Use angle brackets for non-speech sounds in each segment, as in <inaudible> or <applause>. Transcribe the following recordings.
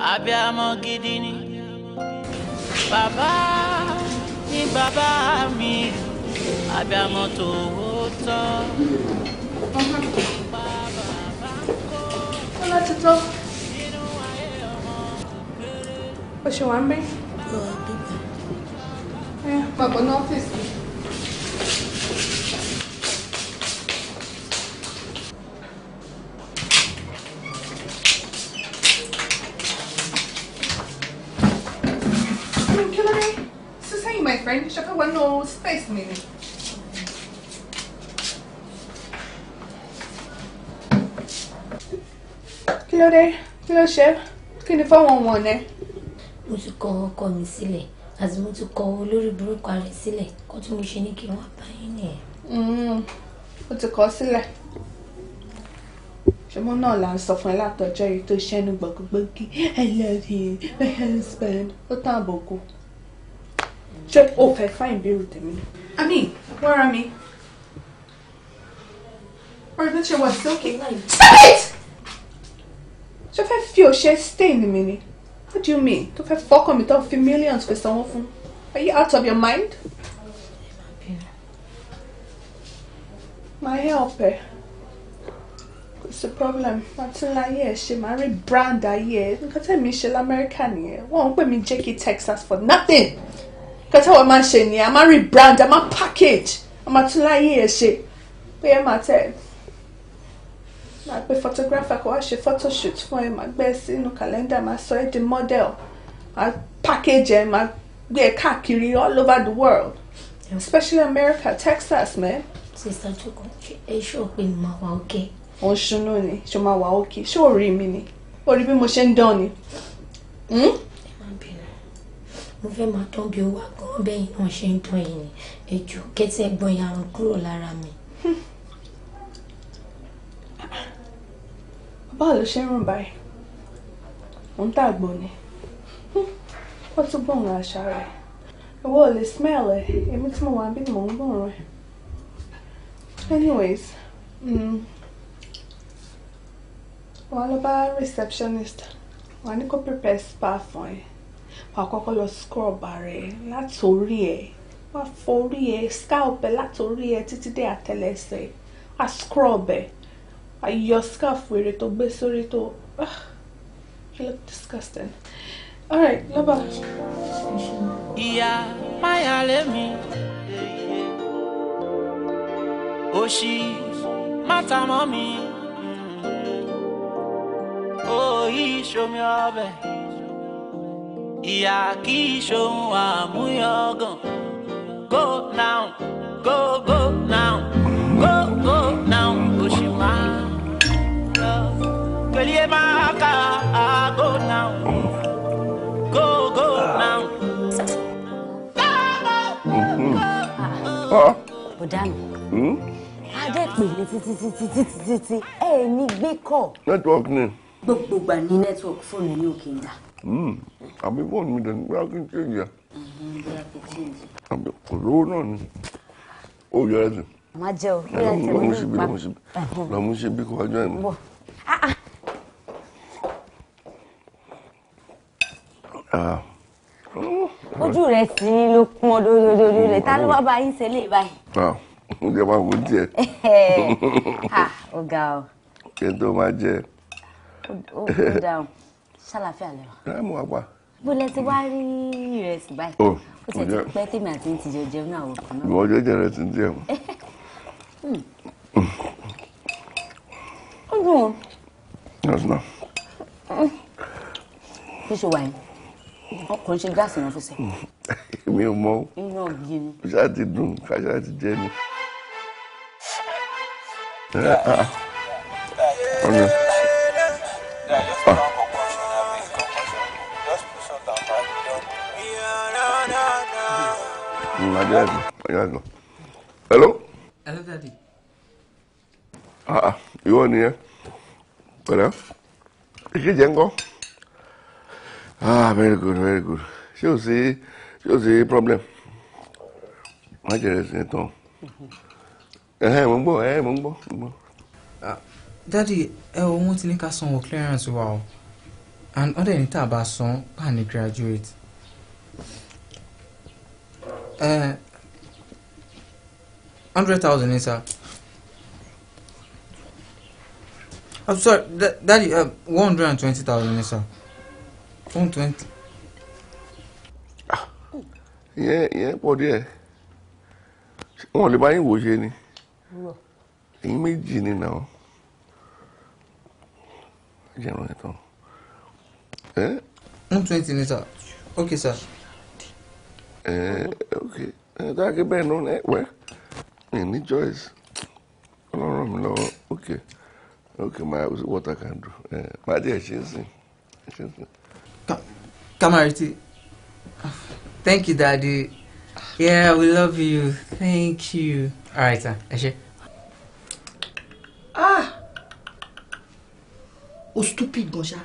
abiyamọ gidi Baba bàbá ni bàbá mi abiyamọ tòótọ́. ọlá ti tọ́ o ṣe wá ń bí. bàbá náà fèsì. different, tsaka wano space nini. Kí ló dé? Kí ló ṣe? Kí ni fọ́wọ́n wọn ni? Mo ti kọ ọkọ mi sílẹ̀ àti mo ti kọ olórí burúkú rẹ̀ sílẹ̀ kó tí mo ṣe ní kí wọ́n bá yín nìyẹn. Ó mm-hmm. ti kọ sílẹ̀. Ṣùgbọ́n náà là ń sọ fún ẹ látọjọ́ yìí tó ṣẹ́nu gbọ̀gbọ̀gbọ́gí I love you, my husband. Ó tàn àbòkù ṣé o fẹ́ fáìn bírù tèmi. àmì wára mi ọ̀rẹ́ wà sí òkè. stop it. ṣé o fẹ́ fi òṣè stain mi ni what do you mean tó fẹ́ fọ́kàn mi tó fi millions fi sanwó fún are you out of your mind. my help ẹ it's a problem àtúnláyé ẹ ṣe máa rí brand ayé ẹ nǹkan tẹ̀mí ṣe lamẹ́ríkà nìyẹn wọ́n ń pè mí jẹ́kí Texas for nothing kẹtẹ wọn máa ṣe nìyẹn a máa rebrand a máa package a máa tún láyé ẹ ṣe pé ẹ máa tẹ máa pe photographer kó wá ṣe photoshoot fún ẹ máa gbé ẹ sínú kàlẹ́ndà máa sọ ẹ di model máa package ẹ máa gbé ẹ káàkiri all over the world especially America Texas man. sista joko ẹ ṣó pé mo máa wà òkè. òun ṣunú ni ṣó máa wà òkè ṣó rí mi ni ó rí bí mo ṣe ń dán ni. Hmm? mo fẹ́ máa tán bí owó àgbà bẹ́yìn náà ṣe ń dán yìí ni ẹjọ́ kẹ́tẹ́ ẹ̀gbọ́n yẹn àrùn kúrò lára mi. <laughs> báwo ló ṣe ń rùn báyìí òun tà gbọ́n ni wọ́n <laughs> tún gbọ́n àṣà rẹ̀ ìwọ ò lè smell ẹ̀ èmi tí mo wà bí mò ń gbọ́n rẹ̀ anyways mm, wàá lọ bá receptionist wàá ní kó prepare spa fún ẹ wàá kọ́kọ́ lọ scrub rẹ̀ látòrí ẹ̀ wàá forí ẹ̀ scalp ẹ̀ látòrí ẹ̀ títí dé àtẹlẹsẹ̀ wàá scrub ẹ̀ wàá scarf wèrè tó gbé sórí tó ah, you look disgusting. all right lọ́ba. ìyá máyà lèmi òṣì mátàmọ́ mi òòyì ìṣomi ọbẹ̀ ìyá kì í ṣohun àmúyọ̀gàn go now go go now go go now oṣù máa lọ kẹlíẹ máa kà á go now go go now. bọ̀dá mi hmm? adé pè ní títí títí títí títí ẹ̀ ní gbé kọ̀. network ni. gbogbo gbà ní network fóònù ní òkè ń dà àbí fóònù mi dẹ̀ ní bóyá kí n ṣe ìyá àbí kò lówó náà ni ó yọ ẹsẹ̀. má jẹ o ó yà jẹ o ní ìpa lọmú ṣe bí kò wájú ẹ̀ mọ́. ojú rẹ sí i ló pọn lójoojúmọ́ rẹ ta ló wá bá yín ṣe lè báyìí. ǹjẹ́ máa wò ó tiẹ̀. ọ̀gá kí n tó máa jẹ. ó dáhùn ṣàlàfíà lẹ́wà. ẹ mú wa pa. bó lẹ ti wá rí ìrẹsì báyìí. Oh, ó ti ti pẹ́ tèmi àti ti jọ jẹun náà òkú náà. ìwọ jẹjẹ rẹ ti ń díẹ̀ <laughs> mọ́. Hmm. Hmm. ó dùn ó. náà. bí ṣe yìí ọkùnrin ṣe gáàsì náà fi sẹ. èmi ò mọ. inú ọ̀gbìn ni. o ṣáà ti dùn ká ṣáà ti jẹ ni. Eh, ah, ah. ọ̀nà. ajá ẹ̀dùn hello. hello daddy. ah, ah ìwọ nìyẹn pẹ̀lẹ́ ìkejì ẹ̀ ń kọ́ ah very good very good ṣé o sí ṣé o sí problem má jẹrẹ sí tán ẹhẹ mo ń gbọ́ ẹhẹ mo ń gbọ́ mo ń gbọ́. Ah, dádì ẹ ti ní ká sanwó clearance wa o and ọdẹ ní tá a bá san graduate Eh, hundred thousand eh, sir. I'm sorry, daddy, uh, one hundred and twenty thousand ni eh, sir. One twenty. Ìyẹn ah, ìyẹn pọ̀ díẹ̀. Wọ́n ò lè bá yín wò ṣe ni. Èyí méjì ni nà eh? One twenty sir. Okay sir. Eh, ok dáké bẹ́ẹ̀ nù ẹ wẹ́ ẹ ní choice ọlọ́run mi lọ́wọ́ ok ok my what I can do eh, My dear, ṣe é sìn ṣe é sìn. Kamarity thank you daddy yeah we love you thank you all right sir ẹ ah o stupid gan ṣáá.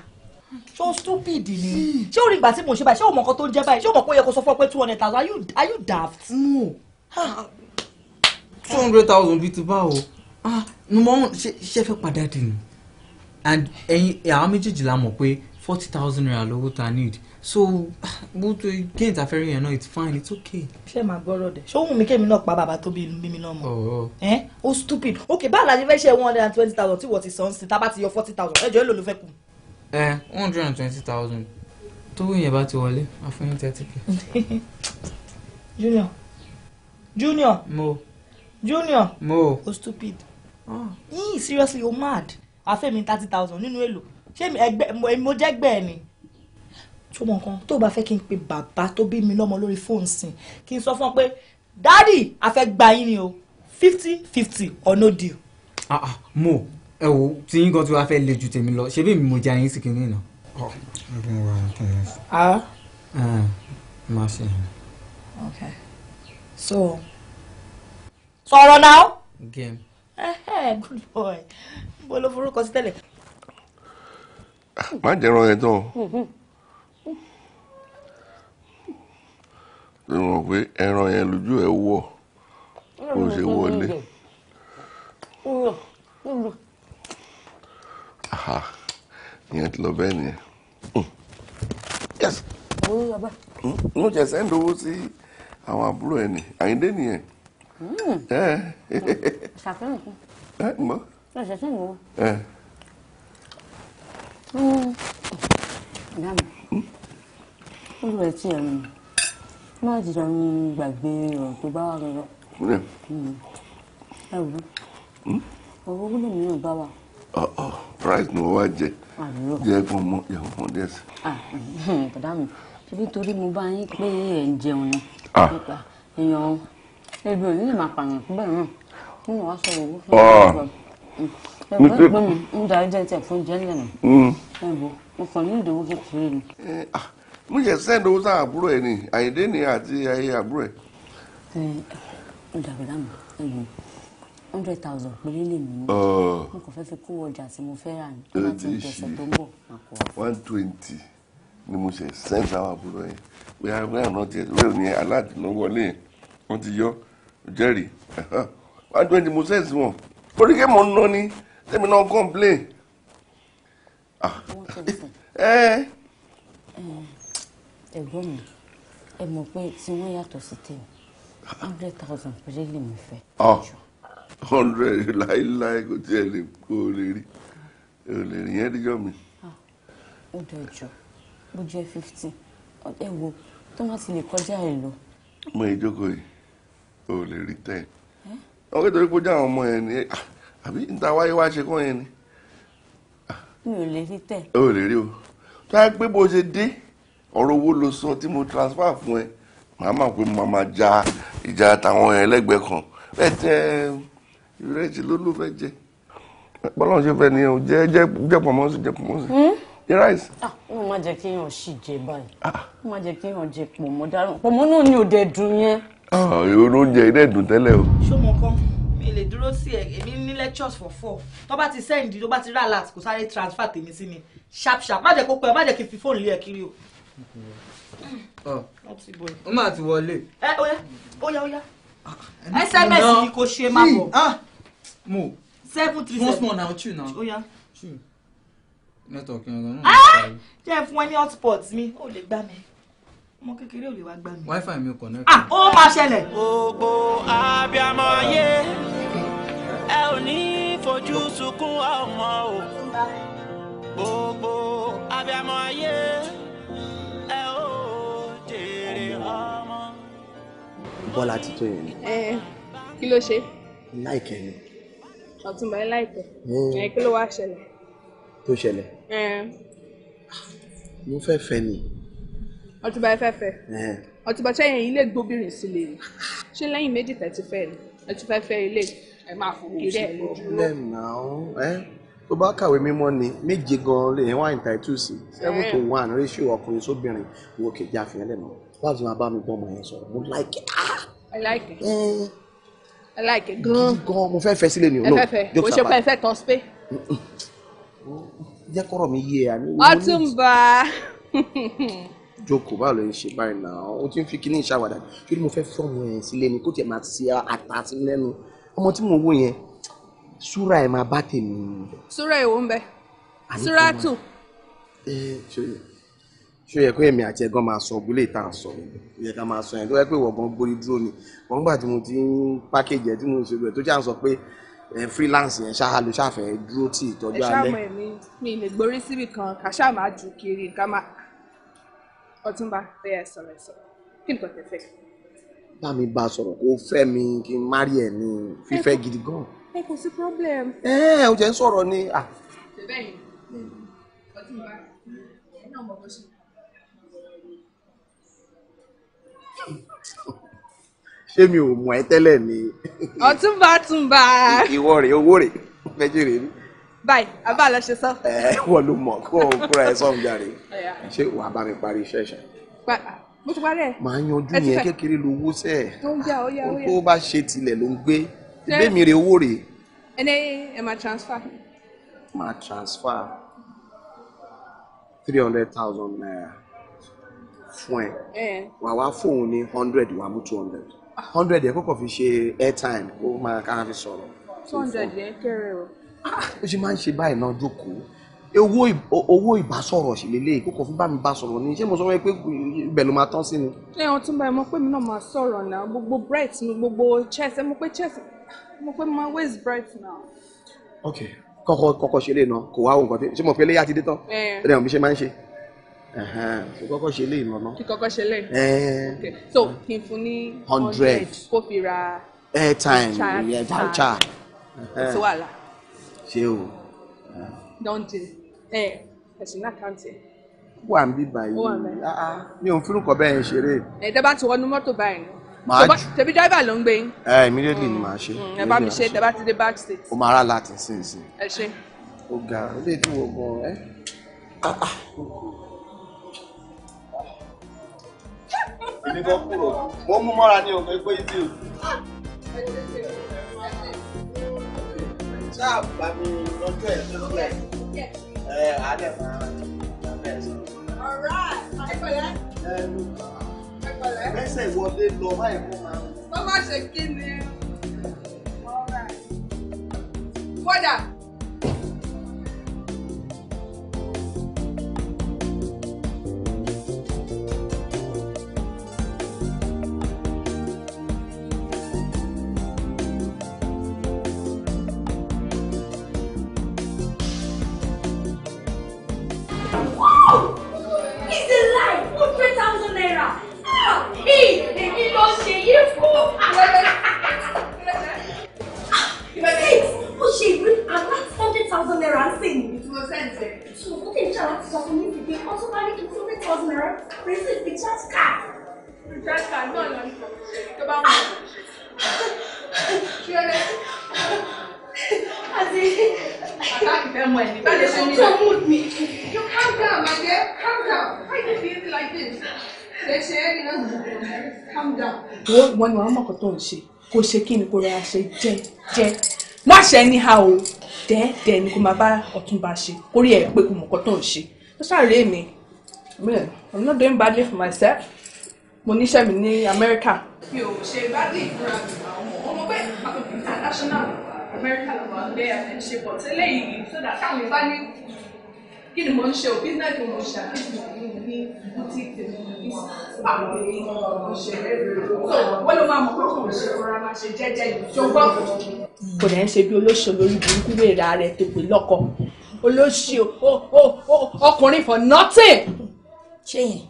So stupid ni ṣé o rí ìgbà tí mo ṣe báyìí ṣé o mọ nǹkan tó ń jẹ báyìí ṣé o mọ pé ó yẹ kó sọ fún ọ pé two hundred thousand are you are you daft. two hundred thousand bíi ti báwo ni ah, mo ṣe fẹ́ padà dì ní and ẹ̀yin àwọn méjèèjì la mọ̀ pé forty thousand naira lówó ta need so bó tó gé ìtafẹ́rẹ́ yẹn náà it's fine it's okay. ṣé màá gbọ́rọ̀ dẹ̀ ṣé òun mi kémi náà pa bàbá tó bí inú bí mi náà mọ̀ oh. ẹ́ ó stupid ok báwo la ṣe fẹ́ ṣe one hundred and twenty thousand tí wọ́n ti san sí tábà ti yọ forty thousand ẹ̀jọ̀ èlò ló fẹ́ kù. Eh, one hundred and twenty thousand tó wúyẹn bá ti wọlé a fún yín thirty k. <laughs> junior junior. mo. junior. mo. o oh, stupid. Oh. Mm, seriously o mad àfẹ́mi thirty thousand nínú èlò ṣé ẹgbẹ́ mo jẹ́ gbẹ́ ni tó mọ nǹkan tó bá fẹ́ kí n pe bàbá tó bí mi lọ́mọ lórí fóònù sìn kí n sọ fún ọ pé dádì a fẹ́ gba yín ni o fifty fifty or no deal. ah ah mo ẹ wo tí yín kan tí wàá fẹ́ le ju tèmi lọ ṣé bí mi mo jẹ ayín sìkìrì náà. a. ok so sọ̀rọ̀ náà. game. good boy bó ló forúkọ sí tẹ́lẹ̀. má jẹ́ ẹran yẹn tán o mo mọ̀ pé ẹran yẹn lójú ẹ̀ wọ̀ kó o ṣe wọlé. Mm-hmm. Mm-hmm ìyẹn ti lọ bẹ́ẹ̀ nìyẹn. Hmm. yes. owó bàbá. Hmm. n ó jẹ sẹ́ńd owó sí àwọn àbúrò ẹ̀ ní àyíndé nìyẹn. Hmm. ṣàfihàn kún. ẹ ǹgbọ́. ọ̀sẹ̀ sẹ́ńd owó. ìyá mi olùwẹ̀ tí ẹ̀ um, ń máa jìjọ ń gbàgbé ọ̀rọ̀ tó bá wà lọ. ẹ o ó owó wúlò mìíràn bá wà surprise ni wọ́n wá jẹ jẹ́ fún ọmọ ìyàwó fún díẹ̀ sí. Ah, bàdá mi ṣebí torí mo bá yín pé ẹ̀ ń jẹun ni ah. ah, èèyàn ebi ò lè máa pààyàn bẹ́ẹ̀ náà nínú wàá sọ owó fún ọ̀rọ̀ ẹ̀gbọ́n pé mi ń darí jẹ́ fún jẹ́lẹ̀ mi mm. ẹ̀bùn mo kàn ní ìdòwò kékeré ni. mo yẹ sẹ́ńdọ̀ owó sáà àbúrò ẹ̀ ni àyèdè ni àti ayé àbúrò ẹ̀. ẹ ẹ dàgbà dàmú ẹ̀yìn hundred thousand péré lè mí ní. Ah. mo kò fẹ́ fi kó ọjà tí mo fẹ́ rà ní tó bá ti ń tẹ̀sẹ̀ tó ń bọ̀ máa kó wa. one twenty ni mo ṣe send àwọn àbúrò yẹn pé àwọn àná tiẹ̀ rẹ̀ ní aláàdì ló wọlé yẹn wọ́n ti yọ jẹ́rìí one twenty mo send wọn oríkè mọ̀ ń ná ni tẹ́mi náà complain. Ah. ẹ̀gbọ́n mi ẹ mọ̀ pé tí wọ́n yàtọ̀ sí tèmi hundred thousand péré lè mi fẹ́. Ah hundred láíláí kò tiẹ̀ lè kó o lè rí o lè rí yẹn díjọ́ mi. Ah, ó dé ọjọ́ bó jẹ́ fifty ẹ wo tó má ti lè kọjá ẹ lọ. mo ìjókòó yìí o lè rí ten wọn kò torí kójá àwọn a yẹn ni ah, àbí níta wáyé wá ṣe kọ́ yẹn ni. Ah. mi ò lè rí ten. o lè rí o tó yẹ pé bó ṣe dé ọ̀rọ̀ owó lo sọ tí mo transfer fún ẹ màá mà pé mo máa ja ìjà àtàwọn ẹlẹgbẹ́ kan bẹ́ẹ̀ tẹ́ ìrẹsì ló ló fẹ́ jẹ bọ́lá ṣe fẹ́ nìyẹn o jẹ jẹ jẹ pọ̀mọ́sì jẹ pọ̀mọ́sì jẹ hmm? ráìsì. ó ah, má jẹ́ kí èèyàn ṣì jẹ báyìí ó ah. má jẹ́ kí èèyàn jẹ pọ̀mọ́ dáràn pọ̀mọ́ náà ni ò dẹ̀ dùn yẹn. oúnjẹ ilé ìdùn tẹ́lẹ̀ o. ṣọmọ kan mi lè dúró sí ẹ èmi ní lectures for four tó bá ti send tó bá ti rà alert kò sáré transfer tèmi sí ni sharp sharp má jẹ́ kó pẹ́ má jẹ́ kí n fi fóònù lé ẹ kiri o ah. ó máa ti wọlé. ẹ Oya, Oya, ó yá sms ni kò ṣe máa bọ̀ mo. seven three seven. small small na chew na. ó yá. chew network yẹn gan-an. Ah! jẹ́ fún ẹ ní hotspot mi ó lè gbá mi ọmọ kékeré ò lè wá gbá mi. wifi mi ò connect. ah ó máa ṣẹlẹ̀. gbogbo abiyamọ ayé ẹ ò ní fojú sunkún ọmọ o gbogbo abiyamọ ayé ẹ ò jèrè ọmọ. bọ́lá ti tó yẹn. ẹ eh, kí ló ṣe. láìkẹ́ ni ọ̀túnba ẹ láìpẹ́ ẹ kí ló wá ṣẹlẹ̀. tó ṣẹlẹ̀. mo fẹ́ fẹ́ ni. ọ̀túnba ẹ fẹ́ fẹ́ ọ̀túnba sẹ́yìn ilé gbóbìnrin sílé ni ṣé lẹ́yìn méjì tẹ̀tí fẹ́ ni ẹ tún fẹ́ fẹ́ ilé ẹ máa fò kiri ẹ lójú. problem now ẹ tó bá kàwé mímọ́ ni méje gan-an lè wá entitled sí seven to one ratio ọkùnrin sóbìnrin wo kejì àfihàn lẹ́nu láti máa bá mi gbọ́ ọmọ yẹn sọ̀rọ̀ mo like it. Ah! I like it. Mm. Like láìké gan. gidi gan mo fẹ́ fẹ́ sílẹ̀ ni o. ẹ fẹ́ fẹ́ kò ṣe pé ẹ fẹ́ tọ́ spé. jẹ́ kọ́rọ̀ mi yé ẹ. ọtúnba. jókòó báwo ló ń ṣe báyìí náà o ti ń fi kíní ìṣàwádà kí ni mo fẹ́ fọ́ọ̀mù ẹ̀ sílẹ̀ ni kó tiẹ̀ máa ti ata sí lẹ́nu ọmọ tí mo wò yẹn súra ẹ̀ máa bá tèmi. súra èwo ń bẹ súra tù. ẹ ṣe yẹn ṣó yẹ kó èmi àti ẹ̀gán máa sọ ògbólé tá à ń sọ yẹ ká máa sọ yẹn tó yẹ pé ìwọ̀gán gbórí dúró ni wọ́n gbà tí mo ti ń pákéjì ẹ̀ tí mo ń ṣe rẹ̀ tó jẹ́ ń sọ pé freelance yẹn ṣáà ló ṣàfẹ́ dúró tí ìtọ́jú alẹ́. ẹ ṣàmù ẹ̀mí mi lè gborí síbì kan ká ṣáà máa ju kiri ká máa ọtúnba bẹ́ẹ̀ sọ̀rọ̀ ẹ̀ sọ̀rọ̀ kí nǹkan tẹ fẹ́. bá mi bá a sọ̀rọ̀ kó fẹ́ mi kí n má rí ẹ̀ ní fífẹ́ gidi gan. ẹ kò sí problem. ẹ ẹ o jẹ́ ń sọ̀rọ̀ ni. ṣe bẹ́ẹ̀ ni ọtúnba ẹ náà mọ̀ bó ṣe ṣé mi ò mọ̀ ẹ́ tẹ́lẹ̀ ni. ọ̀túnba túnba. ìwọ rè owó rè méjì rè mí. báyìí abá lọ ṣe sọ. ẹ wọ́n ló mọ̀ kó o kúra ẹ sọ́hún jàre ṣé wàá bá mi parí iṣẹ́ ṣe. mo ti parí ẹ. màá yanjú yẹn kékeré lówó sẹ́ ẹ̀. ó ń jà ó yà ó yà. tó bá ṣe tilẹ̀ ló ń gbé gbẹ̀mí rè owó rè. ẹ ẹ máa transfer. máa transfer three hundred thousand naira fún ẹ wà wá fóun ní hundred wà mú two hundred hundred yẹ kókò fi ṣe airtime kó máa ká fi sọ̀rọ̀. two hundred yẹ kéré o. Ah, ó ṣe máa ń ṣe báyìí náà jókòó e owó owó ìbásọ̀rọ̀ sì lélẹ̀ kókò fún bá mi bá sọ̀rọ̀ ni ṣé mo sọ fún ẹ pé ibẹ̀ ló máa tán sí ni. ẹ ọ̀n tún báyìí mo pé mi náà máa sọ̀rọ̀ náà gbogbo bright ni gbogbo chess ẹ mo pé chess mo pé mo waste bright now. ok kọ́kọ́ kọ́kọ́ ṣe lè ná kò wá òun kan tí ṣé mo fi eléyà ti dé tán ẹ ẹ mi ṣe máa ń ṣe kí kọ́kọ́ ṣe lè nà ná. kí kọ́kọ́ ṣe lè. so kí n fún ní hundred kó fi ra airtime ìyẹn voucher. tí wàá la. ṣé o. don deal ẹ ẹsìn náà kàǹtì. wà ń bí báyìí ah, ah, mi ò ń fún nǹkan bẹ́ẹ̀ ṣeré. ẹ̀ dábàá ti wọnú mọ́tò báyìí máa jù tẹbi driver ló ń gbé yín. ẹ immediately ni màá ṣe. Mm, ẹ bá mi ṣe tẹ bá ti dé back state. o máa rà láti sínsìn. ẹ ṣe. ó ga ó lè dúró gan-an èmi kan kúrò mo mú mọ́ra ní òkè pé ìdí o. ṣáà bá mi lọ́jọ́ ẹ̀ tó lọ́wọ́ ẹ̀ ẹ̀ alẹ́ máa lábẹ́ ẹ̀ sọ. ọ̀rá ẹ̀kọ́lẹ́. ẹ̀kọ́lẹ́. mẹ́sẹ̀ wọlé lọ báyìí kó máa. tó bá ṣe kí ni. kódà. tó ń ṣe kó ṣe kí ni kó rọra ṣe jẹ́ jẹ́ má ṣe ẹni ha o dẹ́ẹ̀dẹ́ẹ̀ ni kó máa bá ọ̀túnba ṣe kórè ẹ̀ pé kò mọ̀ tó ń ṣe ó ṣàrè mi man I'm not doing badly for myself mo níṣẹ́ mi ní Amẹ́ríkà. mi ò ṣe badly ìfúnra mi àwọn ọmọ bẹ́ẹ̀ international Amẹ́ríkà làwọn àgbẹ̀ àti ṣe pọ̀ tẹ́lẹ̀ yìí sódà táwọn ìbá ní kí ni mo ń ṣe o business mo ṣe àfihàn mi ní bùtí tèmi ní àgbè òṣèré rẹ wọ́n ló máa mọ pé kò ń ṣe rọra máa ṣe jẹ́jẹ́ ìjọba. kò dẹ̀ ń ṣe bí olóṣèlú lórí burúkú wèrè rẹ̀ tó pè lọ́kọ olóṣèlú ọkùnrin for nothing. ṣé yẹn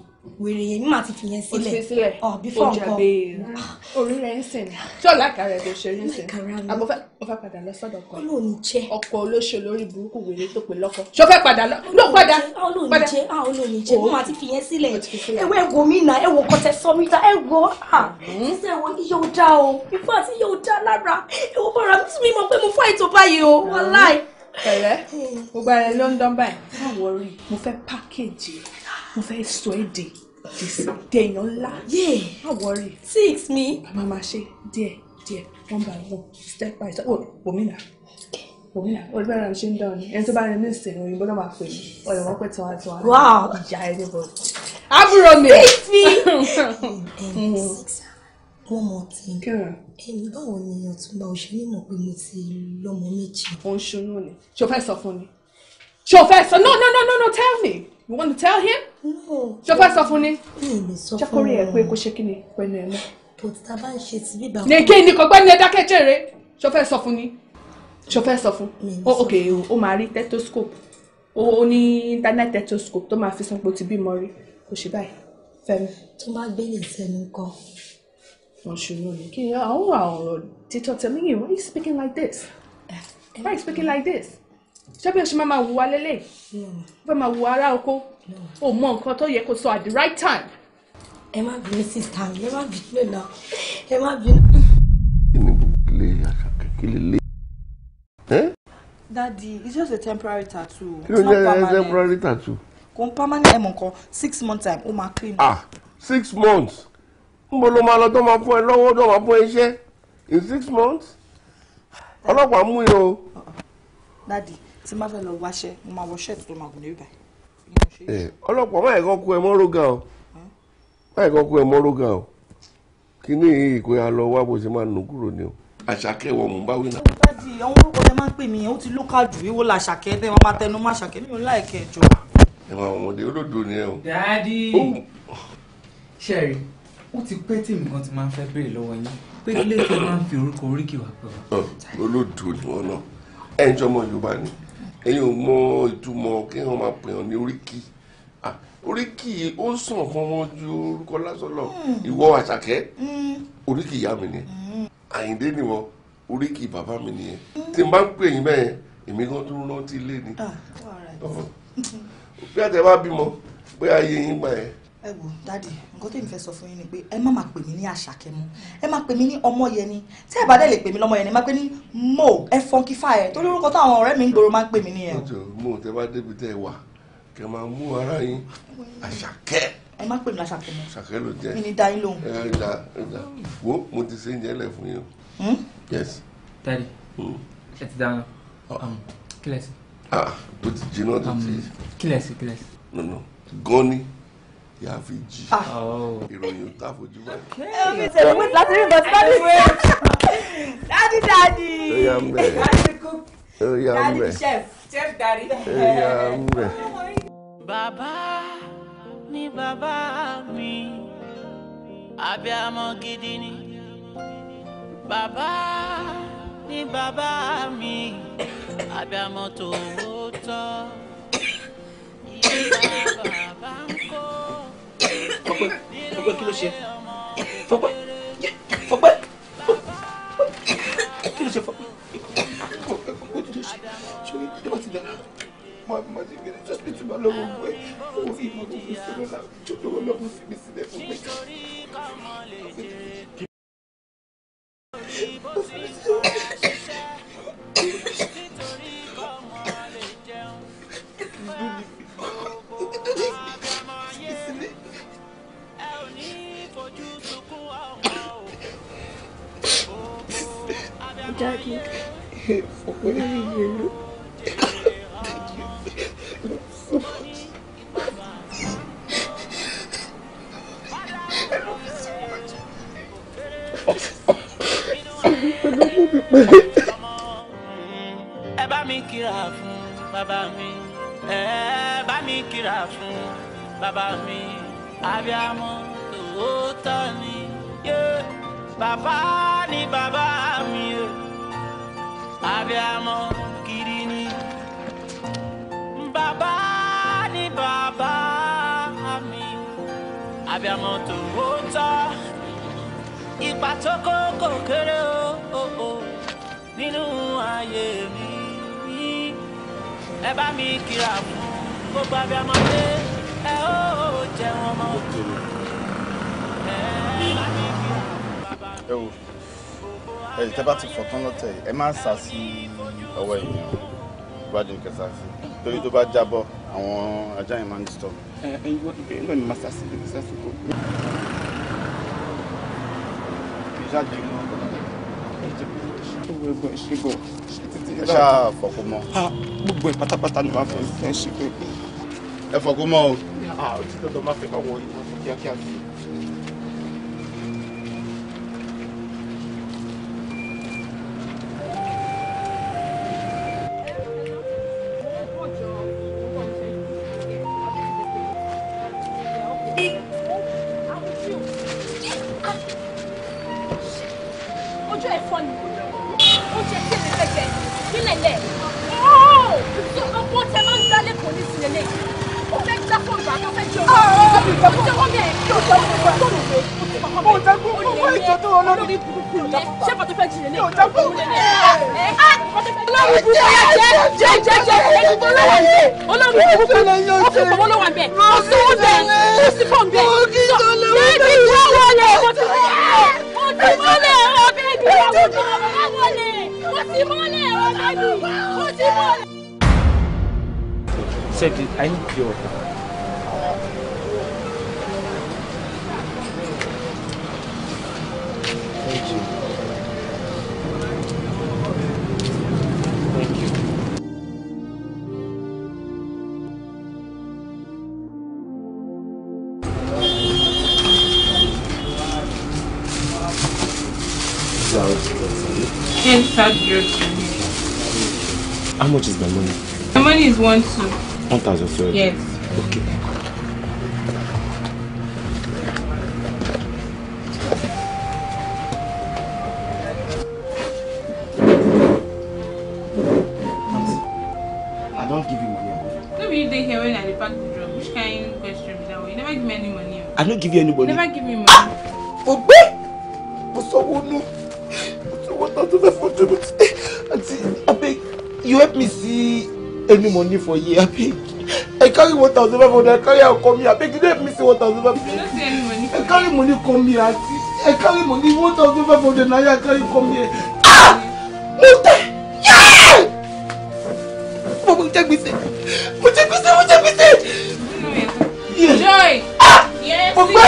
wèrè yẹn mímà ti fi yẹn sílẹ̀ o ti fi sílẹ̀ ah, o jàbẹ́ ah. orí rẹ̀ ń sìn tí ọ̀làkà rẹ̀ kò ṣe rí ń sìn àbọ̀ ah, fẹ́ padà lọ sọ́dọ̀ kan ọkọ olóṣèlú lórí burúkú wèrè tó pè lọ́kọ ṣọ fẹ́ padà lọ ló padà padà olóòníjẹ mímà oh. ti fi yẹn sílẹ̀ ẹwọ ẹwọ mi nà ẹwọ kọtẹ sọmíta ẹwọ mm-hmm. ṣíṣe ẹwọ ni yóò dá o ìfọ àti yóò dá lára ẹwọ bọ̀ra mi tún mi mọ̀ pé mo fọ́ ètò báyìí o mm-hmm. wàláì. pẹ̀lẹ́ hmm. gbogbo ara ẹ ló ń dán báyìí báwo rí mo fẹ́ pákéèjì rẹ̀ mo fẹ́ sọ ẹ́ di dèèyàn ńlá. yéè má wọrí. six mi. bàbá máa ṣe díẹ̀ díẹ̀ one by one step by step oh wòmínà wòmínà olùbẹ̀rẹ̀ ṣe ń dáhùn ẹni tó bá rẹ ní ìsìn òyìnbó náà máa pè mí ọ̀rẹ́ wọn pẹ̀ tiwọn tiwọn. wow ìyá ẹni bọ̀. àbúrò mi. <laughs> six mi. wọ́n mọ̀ tí ẹni báwo ni ọ̀túnba ò ṣe ní mọ̀ pé mo ti lọ́mọ méjì. ó ń ṣunú ni ṣé o fẹ́ sọ fún mi ṣé o fẹ́ sọ no no no no no tell me you want to tell him. ṣé fẹ́ sọ fún ni. ṣé kò rí ẹ pé kò ṣe kí ni pẹ̀lú ẹ̀ mọ́. bòtí ta bá ń ṣe ti bíbá. nìkí ni kò gbẹ́ ni ẹ dákẹ́ jèrè ṣé sọ fún ni ṣé fẹ́ sọ fún. Oh, ok o máa rí stethoscope o ní internet stethoscope tó máa fi sanpó ti bímọ rí kò ṣe báyìí fẹ́mi. tó bá gbé lè sẹ́nu kọ́. wọ́n ṣòro ni kí ni àwọn ọ̀rọ̀ títọ́ tẹ̀mí yìí why you speaking like this eh, why you speaking like this ṣé bí o ṣe máa máa lélẹ̀ hmm. o fẹ́ máa wùwà ará oko o mọ nǹkan tó yẹ kó sọ at the right time. ẹ má bínú sísá ẹ má bínú náà ẹ má bínú. kí ni gbogbo ilé àṣàkẹ́ kí lé. Daddy, it's just a temporary tattoo. kí ló ń jẹ́ temporary tattoo. kò ń permanent ẹ̀ mọ̀ six months time ó máa clean. ah six months níbo ló máa lọ tó máa fún ẹ lọ́wọ́ tó máa fún ẹ iṣẹ́ in six months ọlọ́pàá mú yín o. Daddy tí n bá fẹ́ lọ wáṣẹ́ mo máa wọ ṣẹ́ẹ̀tì tó máa gùn níbí báyìí. Eh, ọlọ́pàá máa ẹ̀kọ́ ku ẹ mọ́rọ́ gan o máa ẹ̀kọ́ ku ẹ mọ́rọ́ gan o kí ní ìkó ya wá bó ṣe máa nù kúrò ni o. àṣàkẹ́ wọ mò ń bá wí náà. dájú àwọn orúkọ tẹ máa ń pè mí yẹn ó ti lókà jù wíwó la àṣàkẹ́ tẹ máa tẹnu ó ti pẹ́ tí nǹkan ti máa ń fẹ́ béèrè lọ́wọ́ yín pé ilé ìtọ́ máa ń fi orúkọ oríkì pẹ̀lú. olódò ni wọn náà ẹ̀ ń jọmọ Yorùbá ni ẹ̀yin ò mọ ìtumọ̀ kí wọ́n máa pè ọ́ ní oríkì oríkì ó sàn kan wọn ju orúkọ lásán lọ hmm. ìwọ àṣàkẹ́ hmm. oríkì ìyá mi ni hmm. àyíndé ni wọ́n oríkì bàbá mi nìyẹn tí n bá ń pè yín bẹ́ẹ̀ èmi gan tó rántí lé ni ah, <laughs> bí àtẹ̀wá bímọ bóyá yẹ yín gbà yẹn ẹ wò dáàdì nǹkan tẹ́mi fẹ́ sọ fún yín ni pé ẹ má máa pè mí ní àṣàkẹ́ mọ́ ẹ máa pè mí ní ọmọ yẹn ni tí ẹ bá dẹ̀ lè pè mí lọ́mọ yẹn ni máa pè ní mo ẹ fọnkífà ẹ torí orúkọ táwọn ọ̀rẹ́ mi ń gbòòrò máa ń pè mí nìyẹn. ọjọ́ mo tẹ bá débi tẹ wà kẹ máa mú ara yín àṣàkẹ́. ẹ má pè mí láṣàkẹ́ mọ́ àṣàkẹ́ ló jẹ́ mi ní dá yín lóhùn. ẹ ẹ da ẹ da wo mo ti ṣe ìyẹn lẹ fún yín o. Hmm? yes. dáàdì hmm. ẹ ti dáná ah. um, kílẹ̀ sí. ah o ti jiná tó um, ti. kílẹ̀ sí kílẹ̀ sí. no no gan ni kí a fi jí ah. ìròyìn tá a fojú ẹ̀mí tẹ̀lé wí láti rí bọ́sí dáàdì wé dáàdì dáàdì dáàdì cook dáàdì chef chef dáàdì. bàbá ni bàbá mi abiyamọ gidi ni bàbá ni bàbá mi abiyamọ tòótọ́ yíyá bàbá mi. Fọpẹ́ Fọpẹ́ kí ló ṣe Fọpẹ́ Fọpẹ́ kí ló ṣe Fọpẹ́ Fọpẹ́ kò tó ṣe sórí tó bá ti dára máa bí máa ti bẹ̀rẹ̀ sọ́sibí tí máa lọ́wọ́ gbọ́ ẹ̀ owó yìí máa kó fún ìṣẹ̀lẹ̀ náà tó lọ́wọ́ lọ́wọ́ sí mi sílẹ̀ fún mi. Thank you. Daddy. For wearing you look. ẹ bá mi kíra fún bàbá mi ẹ bá mi kíra fún bàbá mi abiamọ tòótọ́ ni yé bàbá ni bàbá mi o abbiamo Chirini. Bàbá ni bàbá mi, abbiamo tòótọ́, ipa tó oh oh kéré o nínú ayé mi. Ẹ bá mi kíra fún gbogbo abiyamọlé, ẹ oh jẹun ọmọ. Ẹ bá mi kíra fún bàbá mi ẹ tẹ bá ti fọtán lọ́tẹ̀ ẹ má sà sí ọwọ́ èèyàn ìwádìí nìkan sà sí torí tó bá jábọ́ àwọn ajá yẹn máa ń disturb. ẹ ẹ ìwọ ìbéèrè náà ni má sà sí ìbí sásìkò. ìjáde ló ń bọ̀ gbogbo ìṣègùn ẹ ṣáà fọkú mọ́. gbogbo ẹ pátápátá ni màá fẹ́ ṣe é ṣe pé. ẹ fọkú mọ́ o. ọtí tó tó máa fẹ́ bá wọ ìwọ kíákíá kí. money for here abeg i carry one thousand five hundred i carry am come here abeg you no help me see one thousand five hundred i carry money come here i carry money one thousand five hundred naira i carry come here ah Mute. tẹ yẹẹ mo jẹ gbèsè mo jẹ gbèsè mo jẹ gbèsè. joy ah mo gbẹ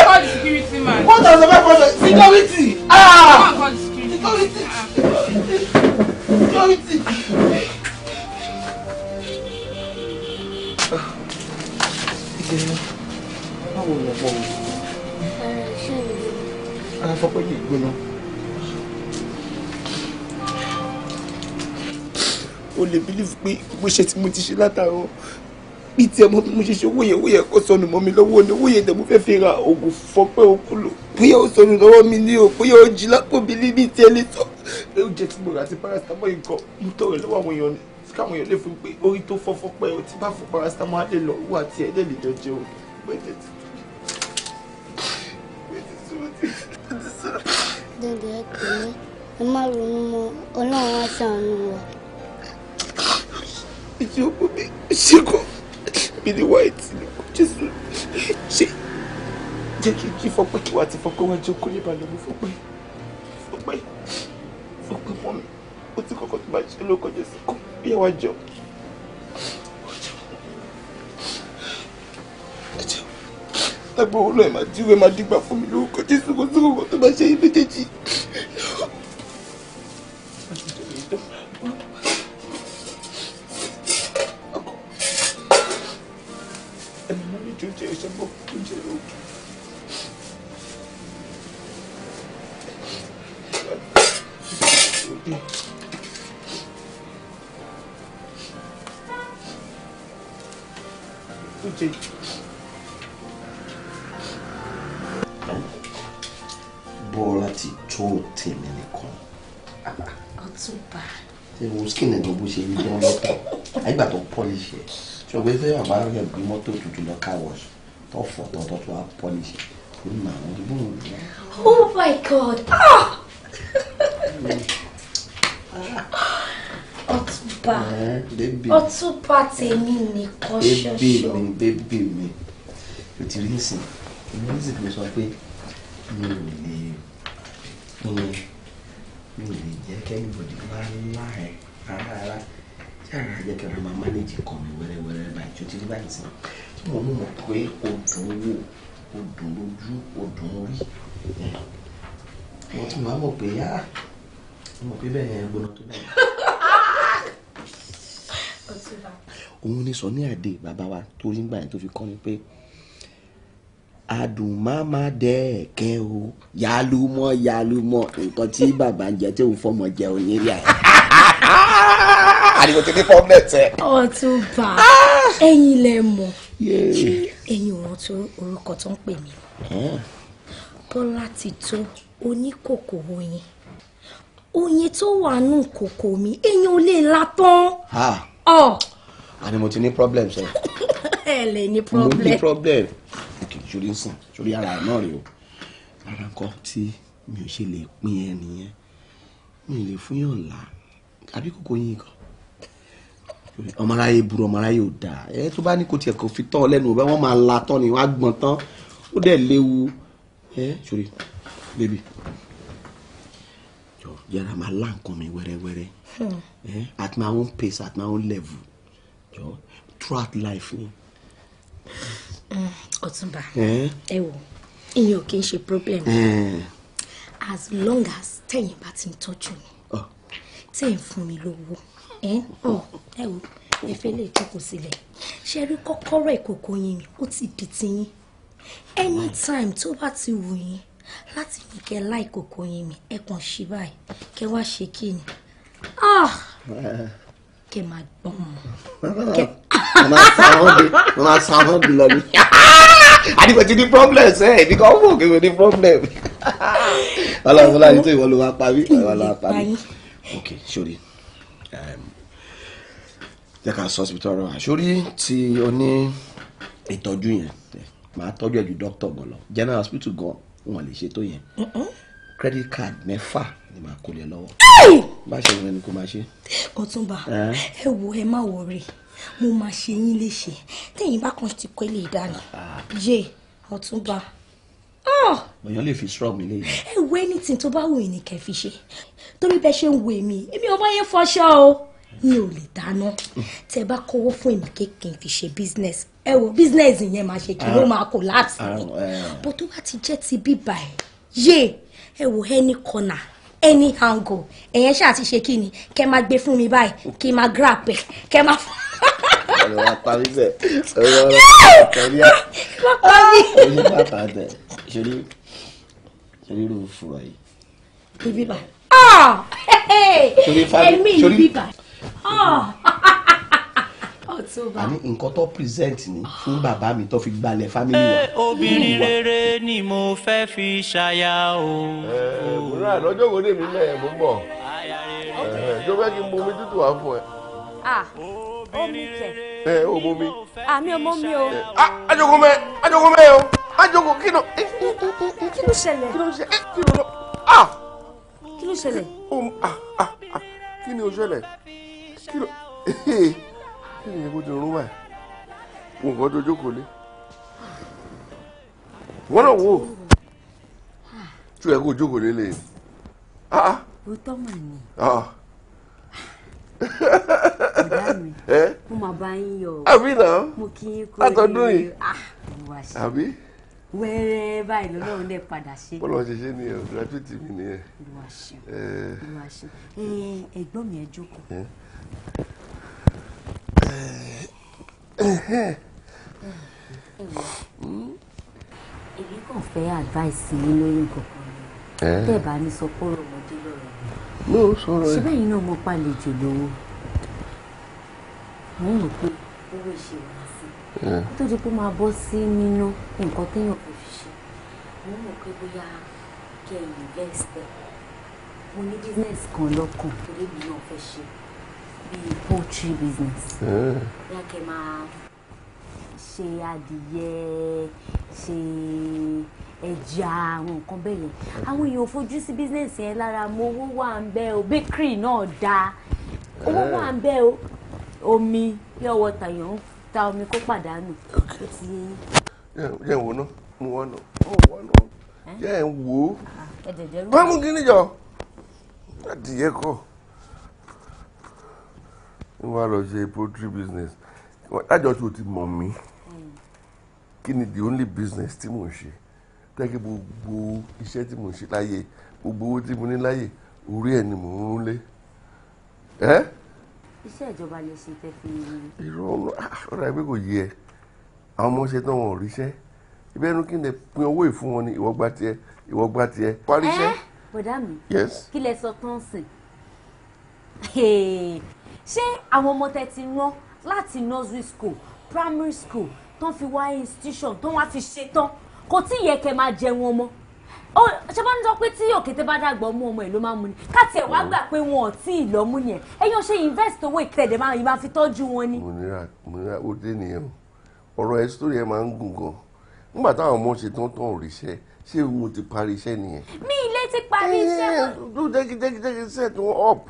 What? thousand five hundred security ah security. fọ́ mi. ara fọpẹ́ yìí gbóná. o lè bílíf pé bó ṣe tí mo ti ṣe látàárọ̀ bí tí ẹ mọ ṣe ṣe owó yẹn kó sọnù mọ́ mi lọ́wọ́ ni owó tẹ̀ mo fẹ́ fi ra oògùn fọpẹ́ okúlò bóyá ó sọnù lọ́wọ́ mi ní o bóyá ó jí lápòbí níbi tí ẹ lè sọ. ẹ ó jẹ tí mo rà sí paracetamol mo tọrọ lọ́wọ́ àwọn èèyàn ni káwọn èèyàn lè fún pé orí tó fọ́fọ́ pẹ́ o tí bá fún paracetamol á lè lọ wà tí ẹ lè lè jọ jẹun pé tètè. dẹ̀dẹ̀ ẹ ẹ má ronú mọ́ ọlọ́run á ṣàánú wa. ìdí ọkọ mi ṣe kọ mi ni white ni kò jésù ṣe jẹ́ kí kí fọpẹ́ kí wà á ti fọpẹ́ wá jẹ́ kó lè bá lọ́mú fọpẹ́ fọpẹ́ fọpẹ́ mọ́ mi ó ti kọ́kọ́ tó bá ṣe lóko jésù kọ́ bí ẹ wá jọ. ẹ jẹun lágbóhùn lọ́ọ̀ máa jíwé máa dígbà fún mi lórúkọ jésù kò sí kòkó tó máa ṣe yín méjèèjì. ẹ̀mí mọ́ mi jòjì ẹ̀ṣẹ́ bọ̀ Thank you. bọ́ láti tó tèmi nìkan. ọtúbà. ṣé mo skin ẹ̀dọ̀ bó ṣe rí jẹ́ wọn lọ́tọ̀ àyígbà tó polish ẹ̀ ṣọgbẹ́ fẹ́ bàbá rẹ̀ gbé mọ́tò dúdú lọ car wash tó fọ̀ tọ́tọ́ tó wá polish ẹ̀ ní àwọn ìbò wọn lọ. oh my god ọtúbà ah! ọtúbà tèmi nìkan ṣoṣo. bébì mi bébì mi o ti rí nsìn èmi ní sì fi sọ pé mi ò lè fún mi mi ò lè jẹ́ kẹ́yìn bòdì wá láàrin rárá rárá tí àrà jẹ́ kí ara máa mánéjì kàn mí wẹ́rẹ́wẹ́rẹ́ báyìí tó o dùn o dùn o dùn rí mo tún máa mọ̀ pé yá ah, mo pé bẹ́ẹ̀ yẹn gbóná tó bẹ́ẹ̀. <laughs> òun ni sọ ní àdé bàbá wa tó ń gbà yẹn tó fi kọ́ ni pé adùnmámádẹ́ẹ̀kẹ́ o yálùmọ́ yálùmọ́ nǹkan tí bàbá ń jẹ tí òun fọmọ jẹ òun yẹn rí àyè. àdìgbò tètè fọ́ mẹ́tẹ̀. ọ̀túnba ah! ẹ̀yin lẹ mọ̀ ṣé ẹ̀yin ò rántí orúkọ tó ń pè mí. bọ́lá ti tó oníkòkò oyin oyin tó wà nù kòkò mi èèyàn ò lè la tán. àní mo ti ní problem sẹ́yìn. <laughs> ẹ lè ní problem. mo ní problem sórí ń sàn sórí ara ẹ̀ náà rè o ara nǹkan tí mi ò ṣe lè pín ẹ nìyẹn mi lè fún yàn là àbí kókó yín kan ọmọ burú ọmọ ò dáa ẹ tó bá ní kò tiẹ̀ kò fi tán lẹ́nu ọ̀bẹ wọ́n máa la tán ni wọ́n á gbọ́n tán ó dẹ̀ léwu ẹ sori bébì jọ yàrá máa lá nǹkan mi wẹ́rẹ́wẹ́rẹ́ hmm. ẹ at my own pace at my own level jọ throughout life ni ọ̀túnba mm, ẹ eh? wò ìyẹn ò kí n ṣe problem mm. as long as tẹ̀yìn bá ti ń tọ́jú mi oh. tẹ̀yìn fún mi lówó ẹ wò ẹ fẹ́ lè jókòó sílẹ̀ ṣe rí kọ́kọ́rọ́ ìkòkò yín mi ó ti di tiyín anytime tó bá ti wù yín láti ní kẹ láìkòkò yín mi ẹ kàn ṣí báyìí kẹ wá ṣe kí ni. Ah! Eh kẹ́ máa gbọ́n. màmá sáwọn bí lọ ni <laughs> àdìgbò ti ní problem sẹ́ ẹ̀mí kan fò kí n ní problem <laughs> ọlọ́run fúlàní tó ìwọ ló wá parí ìwọ ló wá parí ok sori jẹ́ ká sọ síbi tọrọ àsórí tí o ní ìtọ́jú yẹn màá tọ́jú ẹ̀ ju dókítà gan general hospital gan wọn lè ṣe tó yẹn credit card mẹ́fà ni màá kó lẹ lọ́wọ́. bá a ṣe rẹ ni kò máa ṣe. ọ̀túnba ẹ wo ẹ má wọrí mo máa ṣe yín léṣe tẹ̀yìn bá kàn ti kọ́ ilé ìdáná ah, ah. yé ọ̀túnba. èèyàn ah! lè fi strong ilé yìí. ẹ wo anything tó bá wù yín ni kẹ́ fi ṣe torí bẹ́ẹ̀ ṣe ń wo èmi èmi ọba yẹn fọṣọ o mi ò lè dáná tẹ bá kọwọ́ fún èmi kéèké fi ṣe business ẹ wo business yẹn máa ṣe kí ló máa collapse ni bó tó bá ti jẹ́ ti bíbà ẹ̀ yé ẹ wo any corner any angle ẹ̀yẹn ṣáà ti ṣe kí ni kẹ́ máa gbé fún mi báyìí kí n máa grab ẹ̀ kẹ́ máa fún. ọ̀rọ̀ wa bẹ́ẹ̀ ọ̀rọ̀ wa parí ọ̀rọ̀ wa bẹ́ẹ̀ ṣorí ṣorí ló fura yìí. ibi bá ṣorí ṣorí àní nǹkan tó present ni fún bàbá mi tó fi gbalẹ̀ family wa. obìnrin rere ni mo fẹ́ fi ṣaya o. múra lọ́jọ́ wo lè mí mẹ́ẹ̀ mú bọ̀ tó fẹ́ kí n bomi tútù wá fún ẹ. Ah, omi kẹ. ẹ o bomi. àmì ọmọ mi o. ajogun mẹ ajogun mẹ o ah, ajogun kí ló. Eh, eh, eh, kí ló ṣẹlẹ̀. kí ló ṣẹlẹ̀ kí ló lọ. kí ló ṣẹlẹ̀. kí ni o ṣẹlẹ̀ kí ló kí nìyẹn kó ti rún báyìí nǹkan tó jókòó lé wọ́n náà wò tí ẹ kó jókòó lé lè. Ah, ah. òótọ́ mà ni. ọ̀dà ah, mi <laughs> eh? mo máa bá yín yọ. àbí náà mo kí yín kó lè. látọdún yìí àbí wẹ́rẹ́ báyìí lọ́lọ́run lè padà ṣe. bọ́lá ṣe ṣe nìyẹn gratuity mi nìyẹn. ìwà ṣe ìwà eh. ṣe eh, ẹ̀gbọ́n mi ẹ jókòó èmi kàn fẹ́ advice yín lórí nǹkan kan tẹ́ ẹ bá ní sọ pé ọ̀rọ̀ ọmọdé lọ́rọ̀ mi ló sọ̀rọ̀ ẹ̀ síbẹ̀ yìí náà mo palejò lówó mo rò pé owó ìṣèwà sí i tó di pé máa bọ́ sí nínú nǹkan téèyàn kò fi ṣe mo rò pé bóyá kẹ́ ẹ invest ẹ̀ mo ní business kan lọ́kàn torí mi náà fẹ́ ṣe bíi poultry business yá kẹ́ máa ṣe adìyẹ ṣe ẹja àwọn nǹkan bẹ́ẹ̀ yẹn àwọn èèyàn fojú sí business yẹn lára mo owó wà ń bẹ o bakery náà da owó eh. wà ń bẹ o omi pure water yẹn ń ta omi kó pàdánù ó ti yé yín. jẹ́ ìwọ náà mo wọ́n náà oh. mo wọ́n náà eh? jẹ́ ìwọ. báwo ah, kí ni jọ adìyẹ kọ ń wá lọ ṣe poultry business lájọ tó ti mọ̀ mí kí ni the only business tí mò ń ṣe tẹ́kí gbogbo iṣẹ́ tí mò ń ṣe láyé gbogbo owó tí mo ní láyé orí ẹ̀ ni mò ń rún lé. iṣẹ́ ìjọba lè ṣe tẹ́ fi. ìró ọ̀rọ̀ ẹgbẹ́ kò yẹ àwọn ọmọ ṣe tán wọn ò ríṣẹ́ ibẹ̀ ẹnu kí ni pin owó ìfún wọn ni ìwọ gba tiẹ̀ ìwọ gba tiẹ̀ parí bọ̀dá mi kí lẹ sọ tán sìn ṣé àwọn ọmọ tẹ ti rán láti nursery school primary school tán fi wá institution tán wá fi ṣe tán kò tí yẹ kẹ́ máa jẹun ọmọ ó ṣe bá ń sọ pé tí òkété bá dàgbà ọmú ọmọ ẹ ló máa ń ni káàtì ẹ wá gbà pé wọn ò tí ì lọ́mú yẹn ẹ̀yin ṣe invest owó ìkẹrẹ̀dẹ̀ máa ìbá fi tọ́jú wọn ni. mo nira mo nira ó dé nìyẹn o ọ̀rọ̀ ẹ̀ sítórí ẹ̀ máa ń gùn gan nígbà táwọn ọmọ ṣe tán tán òrìṣẹ́ ṣé mo ti parí iṣẹ́ nìyẹn. mi ilé ti parí iṣẹ́. ẹ ẹ tó dẹ́gídẹ́gídẹ́gí set wọn up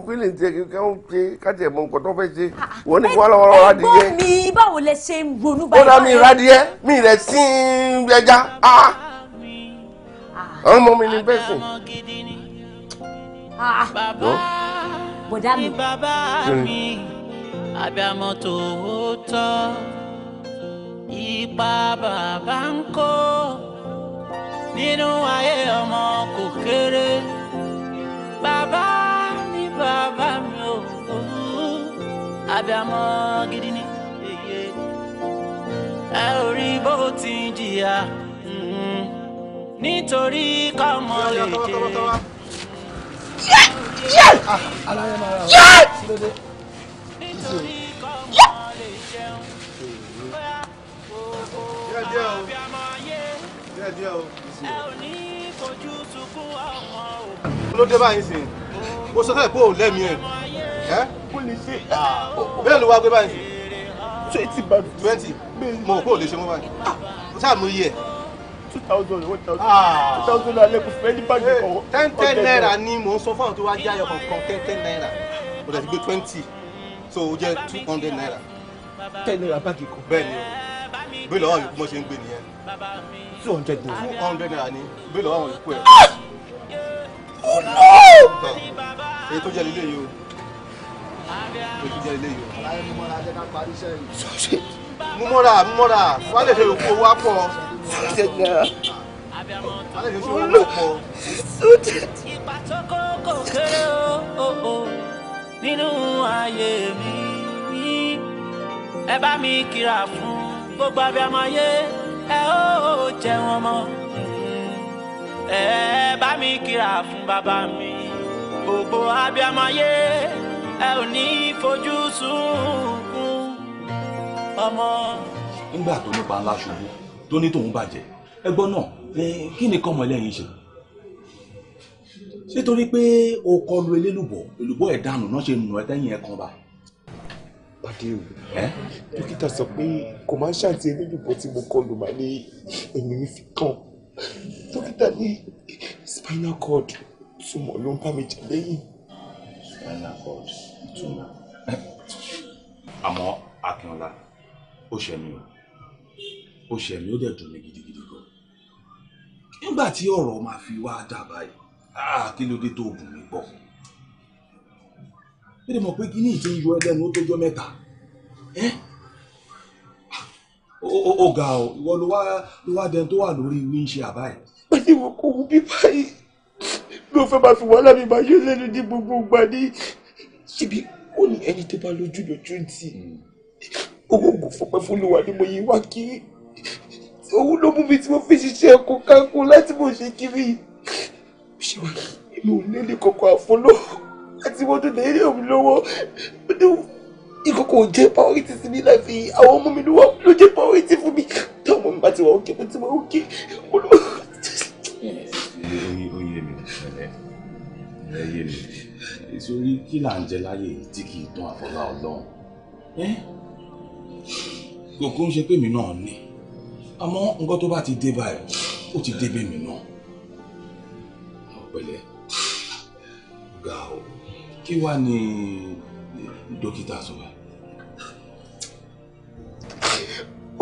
kí n pín lè jẹ kí n kàn ṣe káti ẹ̀ mọ nǹkan tó fẹ́ ṣe ah, ah. wọ́n ní kí wọ́n lọ́wọ́ adìyẹ. ẹ̀gbọ́n mi báwo lẹ ṣe ń gbonú báyìí. ó dá mi ìradìyẹ mi rẹ̀ sí ẹja ah. ọmọ mi ni bẹ́ẹ̀ sìn. bọ̀dá mi. abiyamọ tòótọ́ ipa bàbá ń kó nínú ayé ọmọ kò kéré bàbá. abiyamọ gidi ni ẹ ò rí bó ti ń jìyà mm-hmm. nítorí kọ́mọ lè jẹ. Ah, nítorí báyìí sí mo sọ fẹ́ pé lẹ́mìí ẹ̀. Eh? Ah, bẹ́ẹ̀ ló wá gbé báyìí. twenty bag twenty mo kó o lè ṣe mọ́ báyìí. sáà ah, mo yẹ. two thousand one thousand ah. two thousand alẹ́ kò fẹ́ ní báàgì eh, kan. ten ten naira ni mò ń sọ fún àwọn tó wá jẹ́ ayọ̀ kankan ten ten naira mo dẹ̀ ti gbé twenty so o jẹ́ two hundred naira. ten naira báàgì kan. bẹ́ẹ̀ ni o bí lọ́wọ́ yòókù mo ṣe ń gbé nìyẹn. two hundred naira. two hundred naira ni bí lọ́wọ́ yòókù ẹ̀. oh no. èyí tó jẹ́ lílé yìí o òjijì eléyìí o. aláyé mú mọ́ra jẹ́ ká parí iṣẹ́ yìí. mú mọ́ra mú mọ́ra wà lè fi òkú owó apọ̀. oh oh wà lè fi òkú owó apọ̀. sọ́jà. ipa tó kó kò kéré o nínú ayé mi ẹ bá mi kíra fún gbogbo abiyamọ ayé ẹ ó jẹun ọmọ ẹ bá mi kíra fún bàbá mi gbogbo abiyamọ ayé ẹ ò ní fojú sunkún ọmọ. nígbà tó nípa ńlá ṣubú tó ní tòun bàjẹ́ ẹgbọ́n náà kí ni kọ́mọ ẹlẹ́yin ṣe nítorí pé o kọlu elélùbọ́ èlùbọ́ ẹ̀ dànù náà ṣe nù ẹ́ tẹ́yìn ẹ̀ kan bá pàdé o dókítà sọ pé kò máa ń ṣàǹtí elélùbọ́ tí mo kọlu máa ní ẹ̀mí fi kàn dókítà ní spinal cord túmọ̀ ló ń bá mi jà lẹ́yìn. spinal cord two àmọ́ akínọlá ó ṣe mí o ó ṣe mí ó dẹ̀ dùn mí gidigidi gan nígbà tí ọ̀rọ̀ máa fi wá dà báyìí ah, kí ló dé tó bùn mí gbọ́ ó dẹ̀ mọ̀ pé kí ní ìtí ń yọ ẹlẹ́nu ó tójọ́ mẹ́ta ẹ́ ó ga ọ ìwọ ló wá ló wá dẹni tó wà lórí wíńṣẹ́ àbáyé. wọ́n ní wọn kò wú bí báyìí ló fẹ́ máa fi wàhálà mi máa yọ lẹ́nu ní gbogbo ìgbà ní síbi ó ní ẹni tó bá lójú lójú ntì owó kò fọpẹ́ fúnlùwà ni mo yí wá kiri owó ló mú mi tí mo fi ṣiṣẹ́ ẹ̀kọ́ kánkó láti mo ṣe kiri ṣe wá èmi ò nílé kọ̀ọ̀kan àfọlọ́ àti wọ́n tó dẹ̀ ilé òmi lọ́wọ́ ìkọ̀kọ̀ ò jẹ́ pàwọ́rìtì sí mi láfi àwọn ọmọ mi ló wà ló jẹ́ pàwọ́rìtì fún mi táwọn ọmọ mi bá ti wà òkè mo ti òkè olùwà. oyin oyin mi ẹ ẹ yé mi èsì orí kí là ń jẹ láyè tí kì í tán àfọlá ọlọ́run kò kó ń ṣe pé mi náà ni àmọ́ nǹkan tó bá ti dé báyìí ó ti dé bẹ́ẹ̀ mi náà ọ̀pẹ̀lẹ̀ ga o kí wàá ní dókítà sọ báyìí.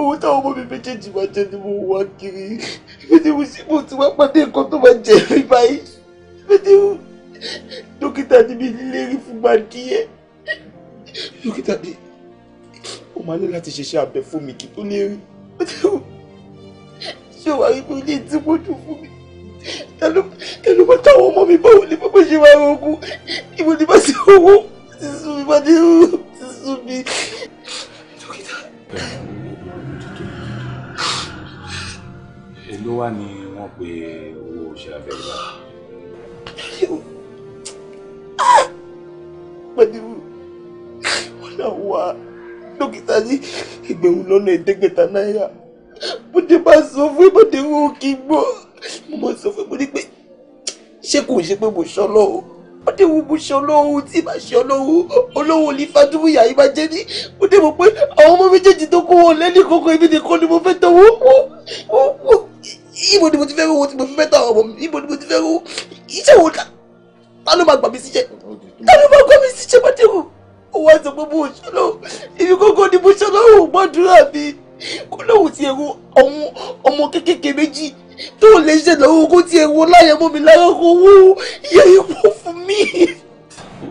owó táwọn ọmọ mi méjèèjì máa jẹ ni mo wá kiri fídíwù sí mo ti wá pàdé nǹkan tó máa jẹ mi báyìí fídíwù dókítà ti mi lérí fún ma díẹ̀ dókítà ni ó máa ní láti ṣiṣẹ́ abẹ fún mi kí tó lérí ṣé wàá rí pé ilé tí mo dùn fún mi ẹnu bá táwọn ọmọ mi báwo ni bàbá ṣe máa rogún ìwọ ni bá ṣe owó ti sún mi bá dé rú ti sún mi. dókítà. èló wà ní wọ́n pe owó ṣe abẹ́rẹ́ báyìí. wá dókítà ní ìgbẹ̀rún lọ́nà ẹ̀ẹ́dẹ́gbẹ̀ta náírà mo dé bá sọ fún ìbọ̀dé wọn kì í gbọ́ mo mọ̀ sọ fún ìbọ̀dé pé ṣé kò ṣe pé mo ṣọ́ lọ́wọ́ ó dé wo mo ṣe olówó tí màá ṣe olówó olówó ní fàdúmùyà yìí máa jẹ́ ní ó mo pé àwọn ọmọ méjèèjì tó kó wọn lẹ́ni kọ́kọ́ ibi nìkan ni mo fẹ́ tọ́ wọ́n wọ́n ibo ni mo ti fẹ́ rówó tí mo fi fẹ́ tọ́ àwọn ọmọ mi ibo ni mo ti fẹ́ rówó iṣẹ́ wo ta ló máa gbà mí síṣẹ́ ta ló máa gbà mí síṣẹ́ má dé ó wá sọ pé Bùsọ́lá ibi kókó ni Bùsọ́lá ò gbàdúrà mi kó lóun ti ẹ̀rọ ọ̀hún ọmọ kékèké méjì tó lè ṣe lọ́wọ́ kó ti ẹ̀rọ láyẹ̀ mọ́ mi lára kó wó yẹ ipò fún mi.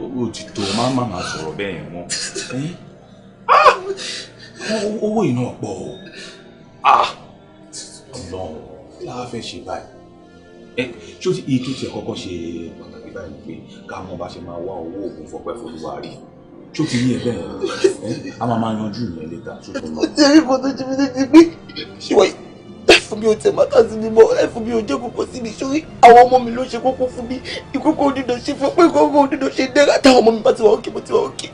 owó ti tó má má má sọ̀rọ̀ bẹ́ẹ̀ yẹn mọ́ owó iná pọ̀ o ọlọ́run láwa fẹ́ ṣe báyìí ṣó ètò tí ẹ kọ́kọ́ ṣe pàtàkì báyìí pé ká mọ̀ bá ṣe máa wá owó oògùn fọpẹ́ fọlúwa rí i tó ti rí ẹ bẹ́ẹ̀ a máa máa yanjú ìyẹn lẹ́gbàá tó tó lọ. ṣé ibo tó ṣe mi létí pé ṣíwọ́ ẹ̀fún mi ò tẹ̀ máa tàbí mi mọ́ ẹ̀fún mi ò jẹ́ kókó sí mi sórí àwọn ọmọ mi ló ṣe kókó fún mi ìkókó onídò ṣe fún pé ìkókó onídò ṣe dẹ́rẹ́ táwọn ọmọ mi bá ti wà òkè mo ti wà òkè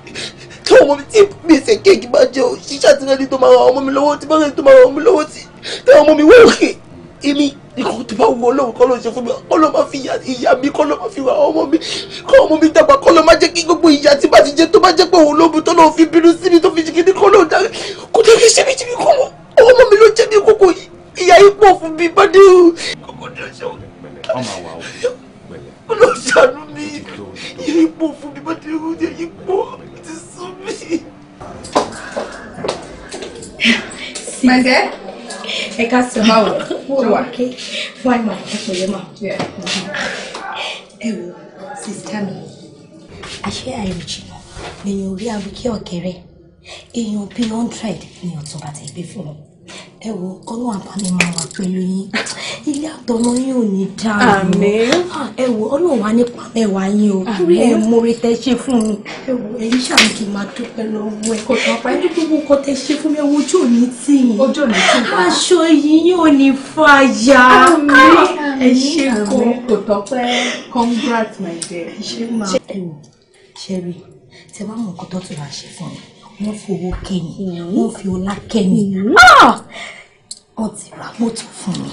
táwọn ọmọ mi ti bí ẹsẹ̀ kéèkì bá jẹ́ òṣìṣẹ́ àtìlẹ́yìn tó máa ra ọmọ mi lọ́wọ́ tí bá rẹ̀ tó máa ra ọmọ mi lọ́wọ́ tí táwọn ọmọ mi wẹ̀ èmi ikú tó bá wù mọ́ ọlọ́run kọ́ ló ń ṣe fún mi kọ́ ló má fi ìyá mi kọ́ ló má fi wà ọmọ mi kọ́ ọmọ mi dàgbà kọ́ ló má jẹ́ kí gbogbo ìyá tí bá ti jẹ tó bá jẹ́ pé òun ló bu tó lọ́ọ́ fi bínú sí mi tó fi jìgìdì kọ́ ló dá kó tó fi ṣe mí jìbì kọ́ ọmọ mi ló jẹ́ mi kókó ìyá yìí pọ̀ fún mi bá o. olóṣàánú mi ìyá yìí pọ̀ fún mi o ìyá ẹ ká sọ máa wọ ṣe wà fine ma ẹ pè é ma ẹ wo sista mi àṣé àìrìnjìnà lèèyàn orí àwíkẹ́ ọ̀kẹ́rẹ́ èèyàn bíi hundred ni ọ̀tún bàtà ìgbé fún mi ẹ wo kọ́lọ́ àbámi máa wà pẹ̀lú yín ilé àtọmọ yín ò ní dáa àmín ẹ wo ọlọ́run wá nípa mẹ́wàá yín o ẹ mórí tẹ ṣe fún mi ẹ wo ẹ̀yin ṣàmì kì í máa dúpẹ́ lọ́wọ́ ẹ kò tó apá ẹni gbogbo nǹkan tẹ ṣe fún mi ẹwọ ojú òní tì yín ojú òní tì yín aṣọ yín yóò ní fàyà àmín ah, ẹ ṣe kọ kò tọpẹ congrats my dear ẹ ṣe máa ẹ wo ṣe rí tẹ bá mọ nǹkan tó tún ṣe fún mi wọ́n fowó kẹ́mi wọ́n fi ọlá kẹ́mi ah! wọ́n ti ra mọ́tò fún mi.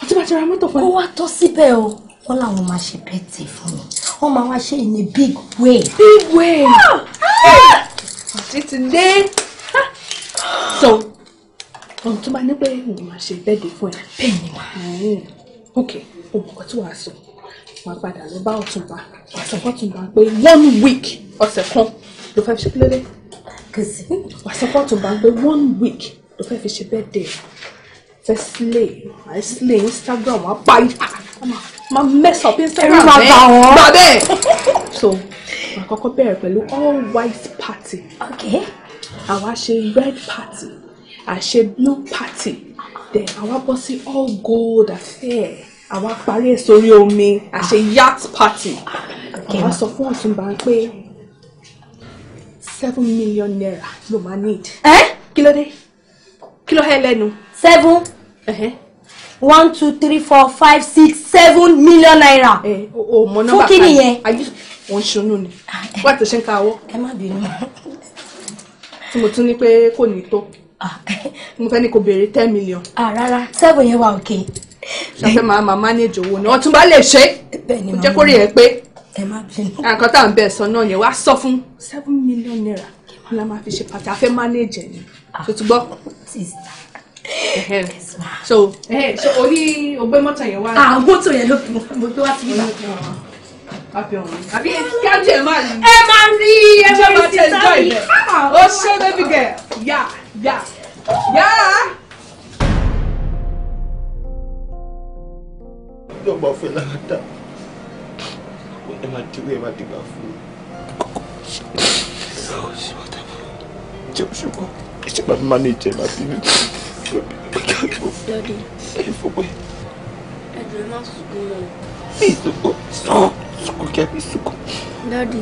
àti bàtà ra mọ́tò fún mi. ó wá tọ́ síbẹ̀ o wọ́n làwọn máa ṣe bẹ́ẹ̀tì fún mi wọ́n máa wá ṣe in a big way. big way. Ah! Ah! títí dé. so ohun tó bá ní pé òun máa ṣe bẹ́ẹ̀dì fún ẹ. bẹ́ẹ̀ ni mà. Hmm. ok ohun kan tí wàá sọ wàá padà lọ bá ọ̀túnba ọ̀sẹ̀ kan tún bá pé one week ọ̀sẹ̀ kan Do fẹ́ fi ṣe kílódé. kò sí. wà á sọ fọ́ọ̀tù bá gbé one week do fẹ́ fi ṣe birthday fẹ́ slay àì slay instagram wà á pa yìí máa mess up instagram bẹ́ẹ̀ gbà bẹ́ẹ̀. so wà á kọ́kọ́ bẹ̀rẹ̀ pẹ̀lú all white party. okay. àwa ṣe red party àṣe blue party then àwa bọ́ sí all gold affair àwa parí ẹ̀ sórí omi àṣe yacht party àwa sọ fún ọ̀túnba pé seven million naira ló máa need. ẹ kí ló dé kí ló hẹ lẹ́nu. seven one two three four five six seven million naira. ẹ o mọ nọ́mbà kan fún kí nìyẹn. òun ṣunú ni wà á ti ṣe ń ka awọ. ẹ má bínú. tí mo tún ní pé kò ní tó ah, <laughs> mo fẹ́ ni kò béèrè ten million. ah rara. seven yẹn wà òkè. ṣàfẹ́ màá máa manage owó ni ọtún bá lè ṣe é jẹ́ kó ẹ pé ẹ má bínú. àǹkan ń bẹ sọ náà yẹn wá sọ fún seven million naira ni a máa fi ṣe pàtàkì afẹ́ mánéèjì ni tó gbọ́. so o ní ogbé mọ́tò yẹn wá. àwọn ah, mọ́tò yẹn ló gbé wá sí ibà àbí kájú ẹ máa rí ẹ máa rí ẹ máa bá tẹ ẹjọ ìbẹ ṣe baby girl yá yá yá. yóò gbọ́ fún ẹ lára ẹ máa dìwé ẹ máa dìgbà fún mi. jẹ́ òṣùwọ̀n ìṣe máa manage ẹ máa bínú. Daddy. Ìfowópẹ́. Ẹ̀jẹ̀ máa sunkún lọ. Bí ìsopọ̀ sàn sunkún kí a fi sunkún. Daddy,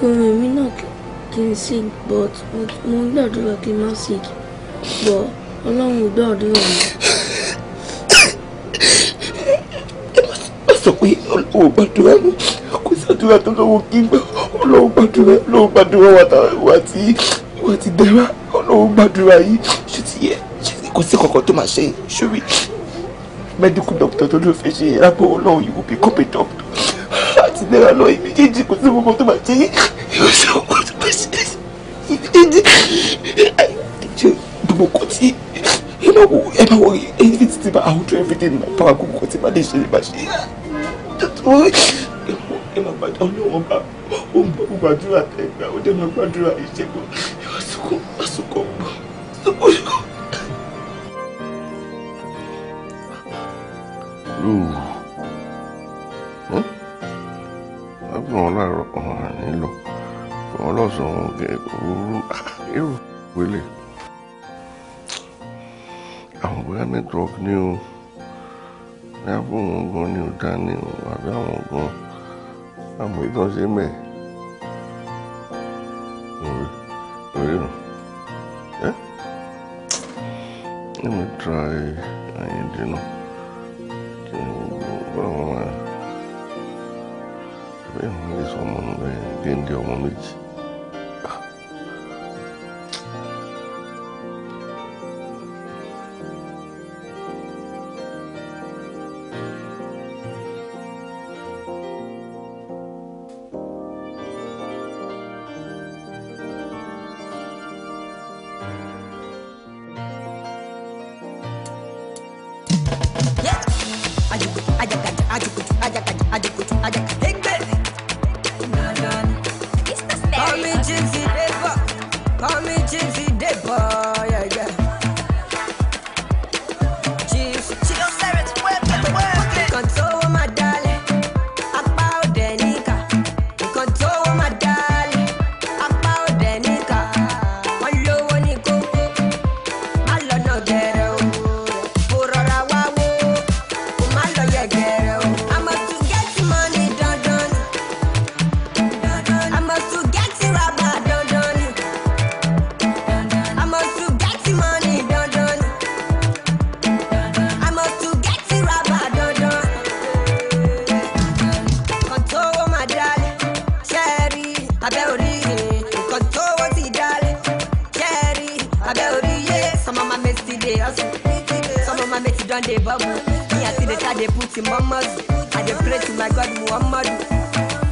kò rìn mí náà kí n sick but mo ń gbàdúrà kí n má sick but Ọlọ́run gbàdúrà mi. sọ pé olówó gbàdúrà ni kò sàdúrà tó lówó gbígbà olówó gbàdúrà olówó gbàdúrà wà tá wà tí wà tí dẹ́ra olówó gbàdúrà yìí ṣé ti yẹ kò sí kankan tó máa ṣe sórí medical doctor tó ló fẹ́ ṣe rápò olówó yìí will become a doctor àti dẹ́ra lọ ibi jíjì kò sí kankan tó máa ṣe yìí kò sí kankan tó máa ṣe ibi jíjì gbogbo kò tí you know, everyone, everything, I will do everything in my power. Go, go, go, go, go, go, go, go, go, ẹ máa gbàdúrà ọlọ́wọ́ bá ó ń bọ́ gbàdúrà ẹgbà ó dé máa gbàdúrà ìṣẹ́gun ìwà sùkọ́ àsùkọ́ gbọ́ sùkọ́ sùkọ́. lóòrù lábùrọ̀ wọn láàárọ̀ ọ̀hún nílò bóyá fún gan ni ò dá àbí àwọn gan àmọ́ ṣe mẹ́ òwe òwe rùn ẹ́ let me try Àyìndé náà kí ni bọ́lá wọn máa bẹ́ẹ̀ wọ́n lè sọ ọmọ nù bẹ́ẹ̀ géńdé ọmọ méjì. I dey pray to my God Muhammadu.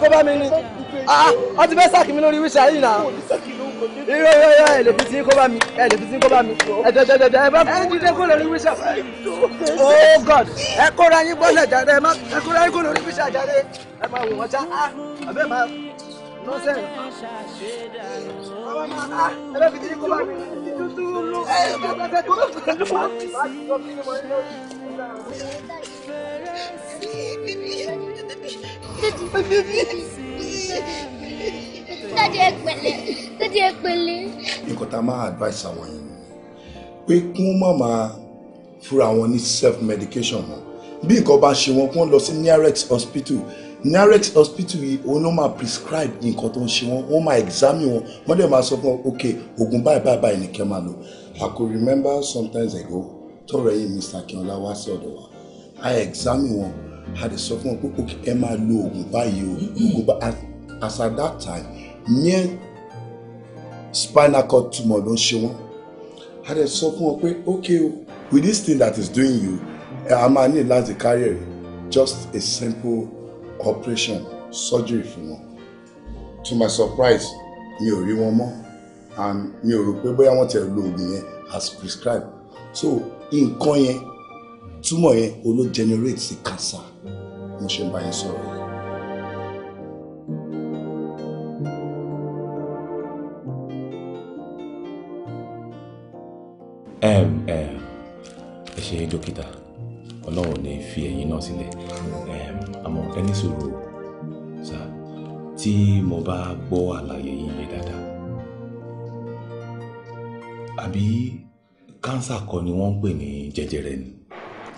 kó bá mi ní ọ ti fẹ́ sáàkì mi lórí wíṣà yìí náà irọ́ irọ́ irọ́ ẹ̀ lè tí kó bá mi ẹ̀ lè tí kó bá mi ẹ̀jọ̀ jọ̀ jọ̀ ẹ̀ bá ẹ̀ jíjẹ́ kó lórí wíṣà oh god ẹ kóra yín bọ́lẹ̀ jáde ẹ má ẹ kóra yín kó lórí wíṣà jáde ẹ má wò wọ́n ṣá àbẹ́ má lọ́sẹ̀ ẹ bá fi tí kó bá mi dádì ẹ pẹ̀lẹ́ dádì ẹ pẹ̀lẹ́. nǹkan tá a máa advice àwọn yẹn pé kí wọ́n má máa fúra wọn ní self medication mọ́ bí nǹkan bá ṣe wọn kí wọ́n lọ sí nearest hospital nearest hospital yìí òun ló máa prescribe nǹkan tó ń ṣe wọn wọ́n máa examine wọn wọ́n dẹ̀ máa sọ fún wọn ok oògùn báyìí báyìí báyìí nìkẹ́ máa lò I could remember sometimes ago tọrọ yìí Mr. Akínọlá wá sí ọ̀dọ̀ wa I examine wọn a lè sọ fún wọn pé òkè ẹ máa lo oògùn báyìí o oògùn bá as at that time yẹn spinal cord tumor ló ń ṣe wọn a lè sọ fún wọn pé okay o with this thing that is doing you a máa ní láti carry it just a simple operation surgery fún wọn to my surprise mi ò rí wọn mọ́ and mi ò rò pé bóyá wọ́n ti lo oògùn yẹn as prescribed so nǹkan yẹn túmọ̀ yẹn o ló generate the cancer mo ṣe bá yín sọ̀rọ̀ yìí. um, um, ẹ ṣe dókítà ọlọ́run ní fi ẹ̀yìn náà sílẹ̀ àmọ́ ẹni sọ̀rọ̀ sá tí mo bá gbọ́ àlàyé yín yẹn dáadáa àbí kánsà kọ́ ni wọ́n ń pè ní jẹjẹrẹ ni.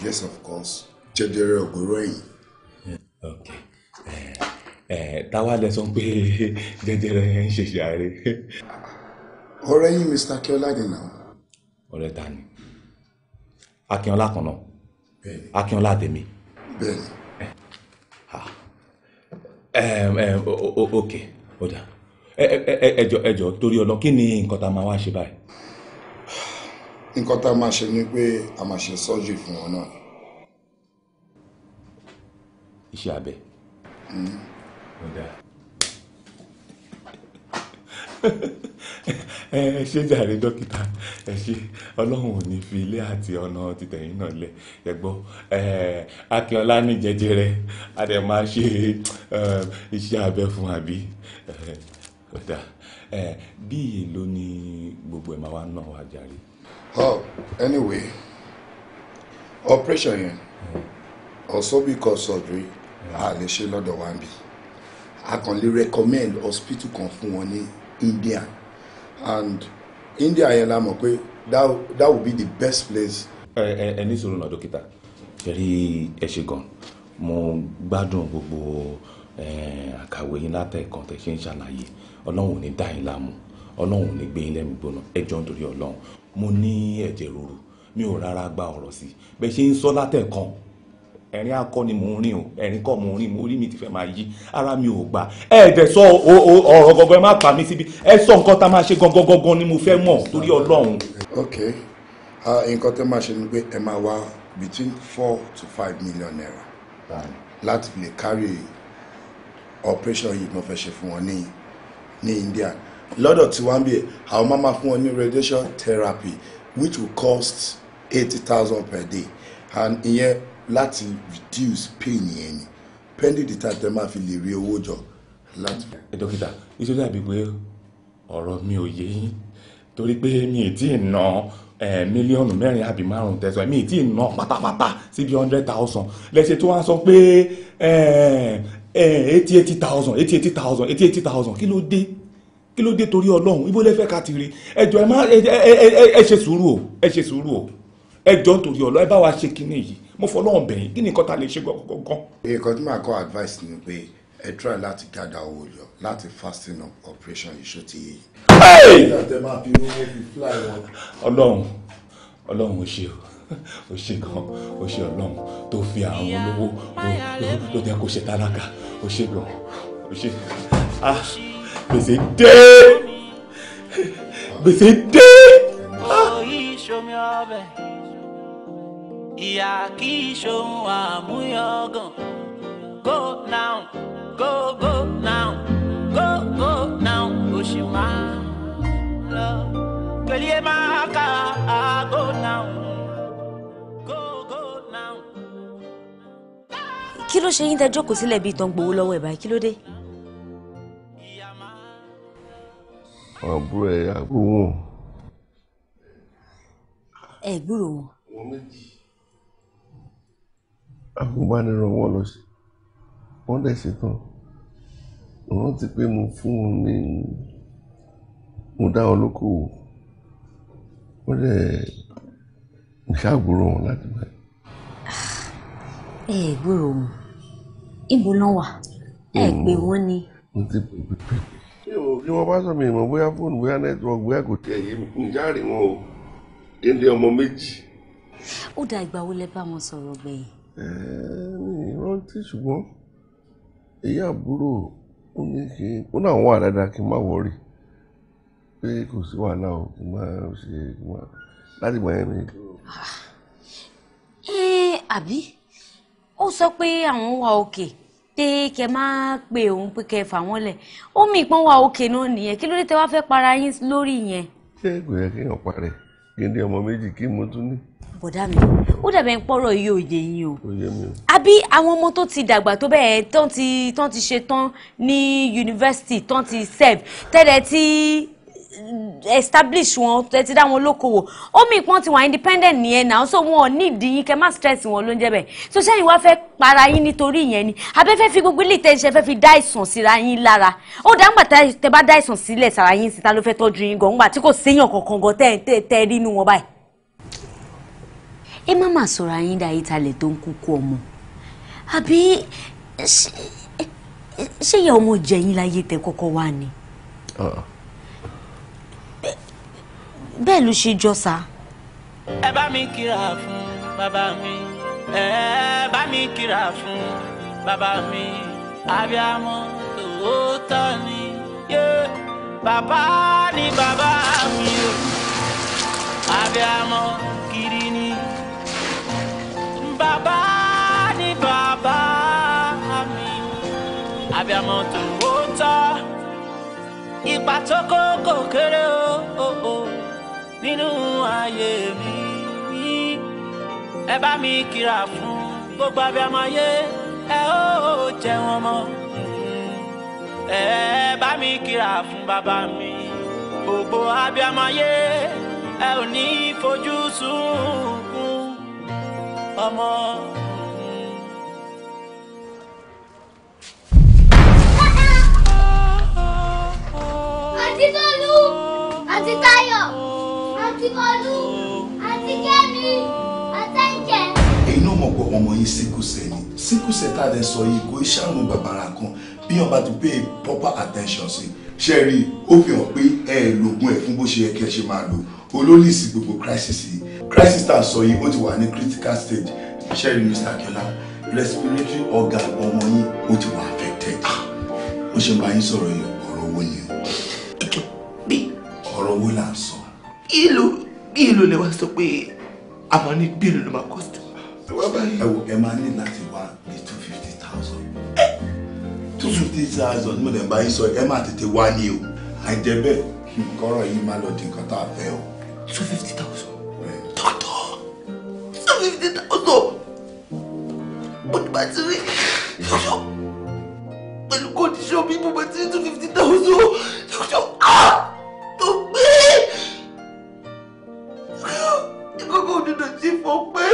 yes of course jẹjẹrẹ ògóró ẹ̀yìn ok eh, eh, táwa sọ pé <laughs> jẹjẹrẹ ṣe ṣàárẹ. ọ̀rẹ́ yín mr ọ̀rẹ́ ta ni akínọlá kan náà akínọlá tèmi. bẹ́ẹ̀ni. ok ó dà ẹjọ torí ọ̀nà kí ni nǹkan wá ṣe báyìí. nǹkan tá ṣe ni pé a máa ṣe iṣẹ́ abẹ. Hmm. <laughs> ẹ ṣé jàre dókítà ẹ ṣé ọlọ́run ò ní fi ilé àti ọ̀nà títẹ̀yìn náà lẹ̀ ẹ gbọ́ akínọlá ní jẹjẹrẹ a dẹ̀ máa ṣe iṣẹ́ abẹ fún àbí ọ̀dà bí èèlò ni gbogbo ẹ̀ máa wá náà wá jàre. oh anyway operation yẹn also hmm. because surgery a lè ṣe lọ́dọ̀ wa bí a kàn lè recommend hospital kan fún wọn ní India and India yẹn la mọ̀ pé that, that would be the best place. ẹ ẹ ẹ ní sùúrù náà dókítà ṣẹ̀rí ẹ ṣe gan mo gbádùn gbogbo àkàwé yín látẹ̀kàn tẹ̀ ṣe ń ṣàlàyé ọlọ́run ò ní dá yín láàmú ọlọ́run ò ní gbé yín lẹ́mìí gbóná ẹ jọ̀ọ́ nítorí ọlọ́run mo ní ẹ̀jẹ̀ ríru mi ò rárá gba ọ̀rọ̀ sí bẹ́ẹ̀ ṣe ń sọ látẹ̀kàn ẹ̀rín akọ ni mò ń rìn o ẹ̀rín kọ́ mò ń rìn mo rí mi ti fẹ́ máa yí ara mi ò gbà ẹ dẹ̀ sọ ọ̀rọ̀ gọ̀gọ̀ ẹ má pa mí síbi ẹ sọ nǹkan tá a máa ṣe gangan gangan ni mo fẹ́ mọ̀ torí ọlọ́run. ok nǹkan tó máa ṣe ni pé ẹ máa wá between four to five million naira láti lè carry operation yìí mo fẹ́ ṣe fún wọn ní ní India lọ́dọ̀ tí wọ́n ń bí àwọn máa máa fún wọn ní radiation therapy which will cost eighty thousand per day and ìyẹn láti reduce pain yẹn ni pending the time tẹ́ máa fi lè rí owó jọ láti. ẹ dókítà nítorí àbí pé ọ̀rọ̀ mi ò yé yín torí pé mi ì tí ì ná mílíọ̀nù mẹ́rin àbí márùn-ún tẹ̀sán mi ì tí ì ná pátápátá sí bí hundred thousand lẹ́sẹ̀ tó wá sọ pé eighty eighty thousand eighty eighty thousand eighty eighty thousand kí ló dé kí ló dé torí ọlọ́run ibo lẹ́fẹ́ ká ti rí ẹjọ́ ẹ má ẹ ṣe sùúrù o ẹ ṣe sùúrù o ẹjọ́ torí ọlọ́run ẹ bá wa ṣe kinní yìí mo fọlọ́run bẹ̀yìn kí ni nǹkan ta lè ṣe gangan. nǹkan tí màá kọ́ advice ni pé ẹ try láti gada owó yọ láti fasting up operation iṣu ti yé. ọlọ́run ọlọ́run ò ṣe o ò ṣe gan ò ṣe ọlọ́run tó fi àwọn olówó ló jẹ́ kó ṣe tálákà ò ṣe gan ò ṣe ah gbèsè dé gbèsè dé. ah ìyá kì í ṣohun àmúyangàn go now go go now go go now o ṣì máa lọ pẹ̀lú máa kà go now kí ló ṣe yín tẹ́ jókòó sílẹ̀ bíi tán gbowó lọ́wọ́ ẹ̀ báyìí kí ló dé. àbúrò ẹ̀ àbúrò wọn. ẹ̀ gbúrò wọn. wọn méjì agùnbánirọ̀ wọn lọ sí wọ́n dẹ̀ ṣetán wọ́n ti pé mo fún wọn ní mo dá wọn lókòwò wọ́n dẹ̀ mo ṣàgbúrò wọn láti gbà. ẹ ẹ gbúrò wọn ibo náà wà ẹ pé wọn ni. mo ti pè pé pé bí wọ́n bá sọ mi ìmọ̀ bóyá fóònù bóyá nẹ́tíwọ́ọ̀kì bóyá kò tẹ̀ yé mi níjà wọn o dédé ọmọ méjì. ó da ìgbà wo lẹ bá wọn sọ̀rọ̀ gbẹ̀yìn. rántí ṣùgbọ́n èyí àbúrò ó ní kí ó náà wà dáadáa kí n má wọrí pé kò sí wàhálà o kí n má ṣe kí n má láti gbà yẹn mi. Ah, ẹ àbí ó sọ pé àwọn wà òkè pé kẹ máa pe òun pé kẹ fà wọn lẹ ó mì pọn wà òkè náà nìyẹn kí ló dé tẹ wá fẹ́ para yín lórí yẹn. ṣé kò yẹ kéèyàn parẹ́ kí ni ọmọ méjì kí mo tún ní. bọ̀dá mi ó dàbẹ̀ ń pọ̀rọ̀ iye òye yín o. òye mi o. àbí àwọn ọmọ tó ti dàgbà tó bẹ́ẹ̀ tán ti tán ti ṣe tán ní yunifásitì tán ti serve tẹ́lẹ̀ tí establish wọn ẹ dá wọn lókòwò omi ìpọ́n ti wà independent nìyẹn náà so wọn ò ní ìdíyín kẹ má stress wọn ló ń jẹ́ bẹ́ẹ̀ so sẹ́yìn wá fẹ́ para yín nítorí ìyẹn ni abẹ́ fẹ́ fi gbogbo ilé ìtẹ́sẹ̀ fẹ́ fi dá ìsàn síra yín lára ó dá ńgbà tẹ bá dá ìsàn sílẹ̀ sára yín síta ló fẹ́ tọ́jú yín gan ńgbà tí kò séyàn kankan gan tẹ́ tẹ́ tẹ́ rí inú wọn báyìí. ẹ má má sọ̀rọ̀ ayín dá yìí talẹ̀ tó ń kúkú ọmọ àbí ṣé ìyá ọmọ jẹ̀yìn láyé tẹ kọ́kọ́ wá ni. Uh-uh bẹ́ẹ̀ ló ṣe jọ sá. ẹ bá mi kíra fún bàbá mi ẹ bá mi kíra fún bàbá mi abiyamọ tòótọ́ ni yé bàbá ni bàbá mi o abiyamọ kiri ni bàbá ni bàbá mi abiyamọ tòótọ́ ipa tó kó kéré o. o, o nínú ayé mi ẹ bá mi kíra fún gbogbo abiyamọ ayé ẹ ó jẹ wọn mọ ẹ bá mi kíra fún bàbá mi gbogbo abiyamọ ayé ẹ ò ní fojú sunkún ọmọ. Akíkọ́lù àti Kẹ́mi àtẹ̀jẹ̀. ẹ̀yin náà mọ̀ ọmọ yín síkúsẹ̀ ni síkúsẹ̀ tá a lè sọ yìí kò í ṣàrùn bàbàrà kan bí wọn bá ti pay proper attention sí ṣe rí i ó fi hàn pé ẹ ẹ lògùn ẹ fún bó ṣe yẹ kí ẹ ṣe máa lò olólì gbogbo crisis yìí crisis tá a sọ yìí ó ti wà ní critical stage ṣe rí Mr. Akíọ́lá respiratory organ ọmọ yín ó ti wà affected ah! ó ṣe bá yín sọ̀rọ̀ yìí ọ̀rọ̀ owó ni o owó là ń sọ. ìlú ìlú lè wá sọ pé a máa ní bíìlù ló máa cost. ẹ wò ẹ máa ní láti wá ní two fifty thousand two fifty thousand mo lè bá yín sọ ẹ máa tètè wá ní o àìjẹ bẹ́ẹ̀ kọ́rọ̀ yìí má lọ di nǹkan tá a fẹ́ o. two fifty thousand dọ́kítọ̀ two fifty thousand mo ti bá ti rí pẹ̀lú kọ́ndíṣọ́ bí mo bá ti rí two fifty thousand dọ́kítọ̀ ah. kó pé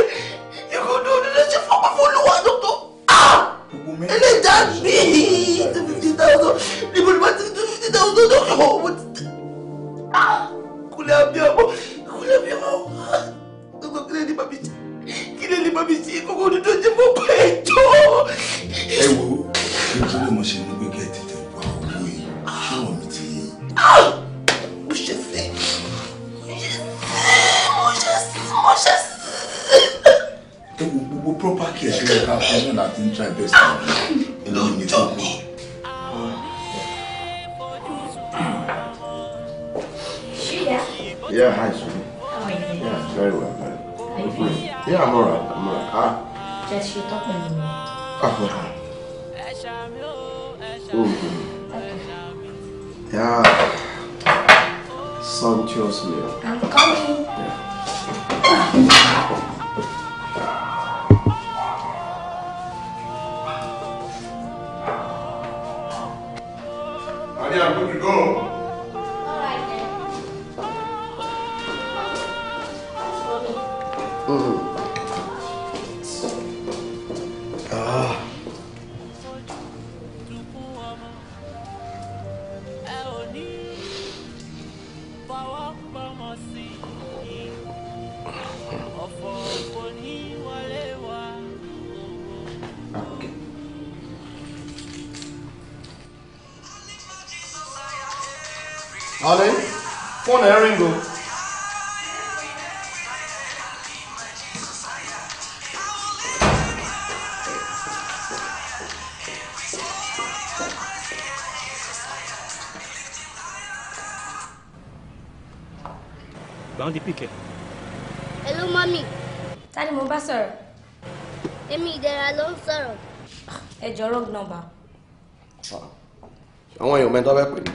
Oh. nọ́mbà. àwọn èèyàn mẹ́tọ́ bẹ́ẹ̀ pè mí.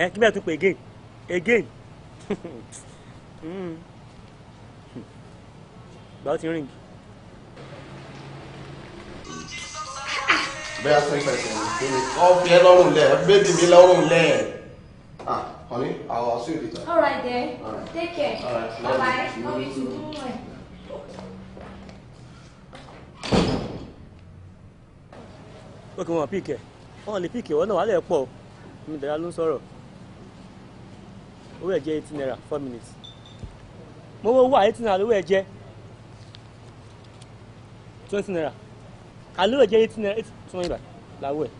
ẹ kí bẹ́ẹ̀ tún pè again again hmm. báwo ti rìn. bẹ́ẹ̀ sẹ́yìn pẹ̀sẹ̀ ìgbéni ọ́ fi ẹ lọ́rùn lẹ̀ bébì mi lọ́rùn lẹ̀ ah honey I will see you later. all right there all right. take care all right. bye bye love you too. ó kí wọ́n píkẹ̀ wọ́n lè píkẹ̀ wọ́n náà wàhálà ẹ̀ pọ̀ mi dàda ló ń sọ̀rọ̀ owó ẹ̀ jẹ́ eighteen naira four minutes mo wọ́n wà eighteen naira lówó ẹ̀ jẹ́ twenty naira àlówó ẹ̀ jẹ́ eighteen naira eight twenty naira làwọ̀ ẹ̀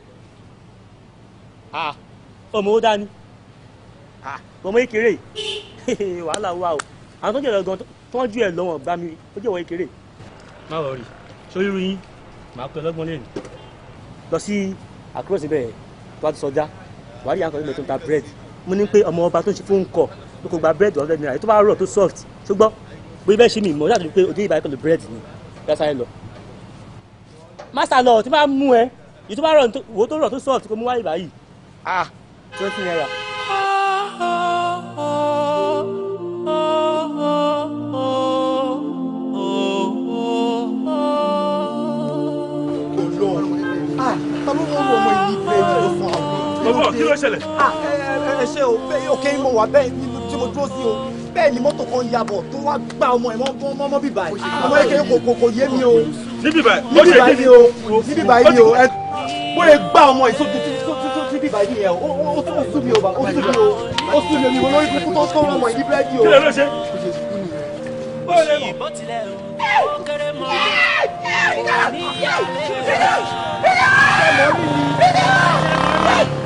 ah ọmọ owó dání ah ọmọ ìkéré wàhálà wà o àwọn tó ń jẹ́ lọ́gán tó ń ju ẹ̀ lọ́wọ́n gbá mi ó jẹ́ wọ́n ìkéré má wọ̀ rí sórí irú yín màá pẹ́ lọ́gbọ́n lẹ́nu lọ sí Àkúrẹ́ síbẹ̀ tó bá ti sọjá wàá rí àǹkọ́ tó ń ta bread mo ní pé ọmọ ọba tó ń ṣe fóun kọ̀ ló kó gba bread ọ̀rẹ́ mi rà tó bá rọ̀ tó soft tó gbọ́ bó ibẹ̀ ṣe mi mọ̀ láti rí pé ojú ìbáyé pẹ̀lú bread ni yàtọ̀ ẹ lọ. master lọ tí bá mú ẹ yìí tó bá rọ̀ tó soft kó mú wáyé báyìí ah twenty naira. lọ kí ló ṣẹlẹ̀. Ah, ẹ ṣe o òkè mo wà bẹ́ẹ̀ tí mo dúró sí o bẹ́ẹ̀ ni mọ́tò kan ya bọ̀ tó wá gba ọmọ ẹ̀ mọ́ bíbà ẹ̀ ọmọ ẹ̀kẹ́ kò kò yé mi o. ní bíbà yìí o ní yìí o bó lè gba ọmọ ẹ̀ sójú sí yìí o ó sú mi o ó sú mi o ó sú mi o lórí kúkú tó sọ̀rọ̀ ọmọ yìí o. kí ló ṣe. bó lè mọ̀. Video! Video! Video! Video!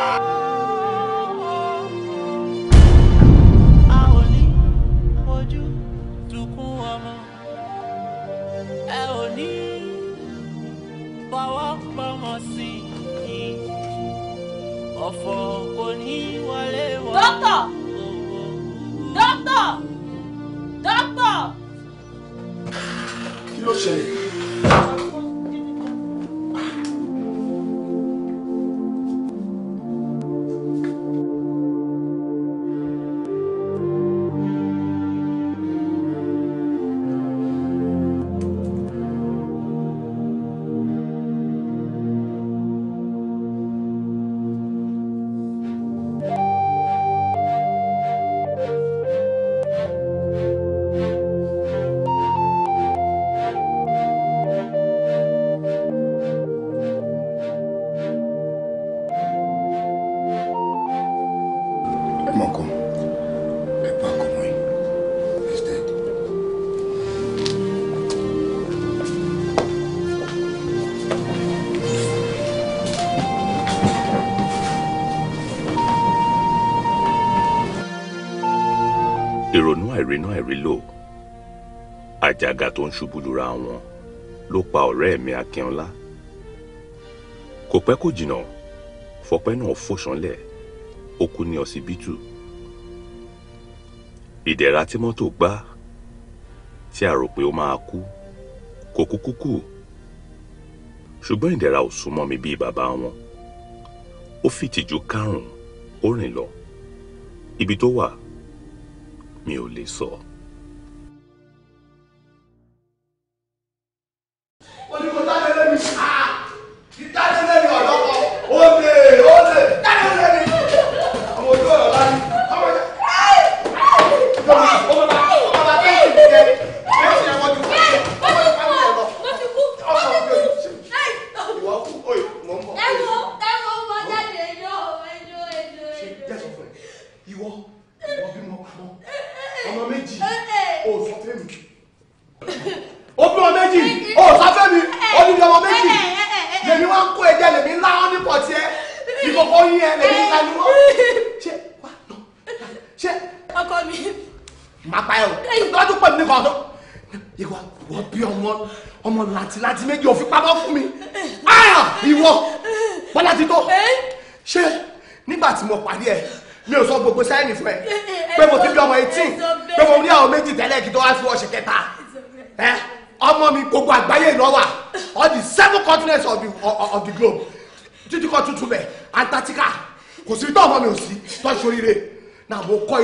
Doctor! Doctor! Doctor! kí ló ṣẹlẹ̀. àìrílò àjàgà tó ń ṣubú lura wọn ló pa ọ̀rẹ́ mi Akínọlá kò pẹ́ kò jìnnà Fọpẹ́ náà fò ó kú ní ọsibítù ìdẹ̀ra tí mọ́tò gbá tí a rò pé ó máa kú kò kúkú kù ṣùgbọ́n ìdẹ̀ra ò súnmọ́ mi bíi bàbá wọn ó fìtìjú kárùn-ún ó rìn lọ ibi tó wà mi ò lè sọ. So.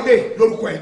Sunday lórúkọ ẹ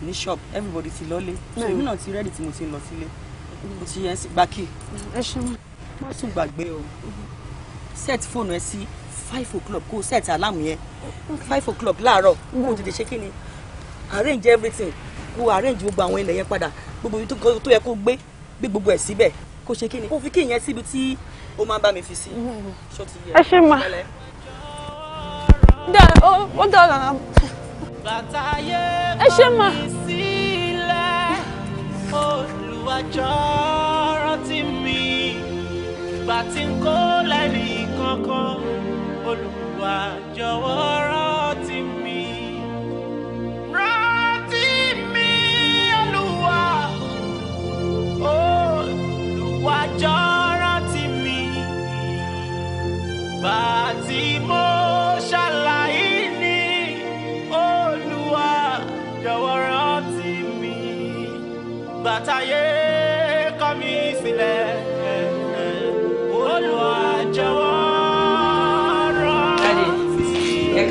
sí ní shop everybody ti lọ́lé so mm. èmi náà ti rẹ́dì tí mo ti lọ sílé mo ti yẹn gba kí má tún gbàgbé o set fóònù ẹ sí five o'clock kó set alarm yẹn five o'clock láàárọ̀ kó dìde ṣe kí ni arrange everything kó arrange gbogbo àwọn ilẹ̀ yẹn padà gbogbo ibi tó yẹ kó gbé gbé gbogbo ẹ̀ síbẹ̀ kó ṣe kí ni kó fi kí ìyẹn síbi tí ó máa ń bá mi fi sí. ẹ ṣe mà ó dára ẹ ṣe mà. jọ rántí mi ìgbà tí n kò lẹ́rìí kankan olùwà jọ̀wọ́ rẹ̀.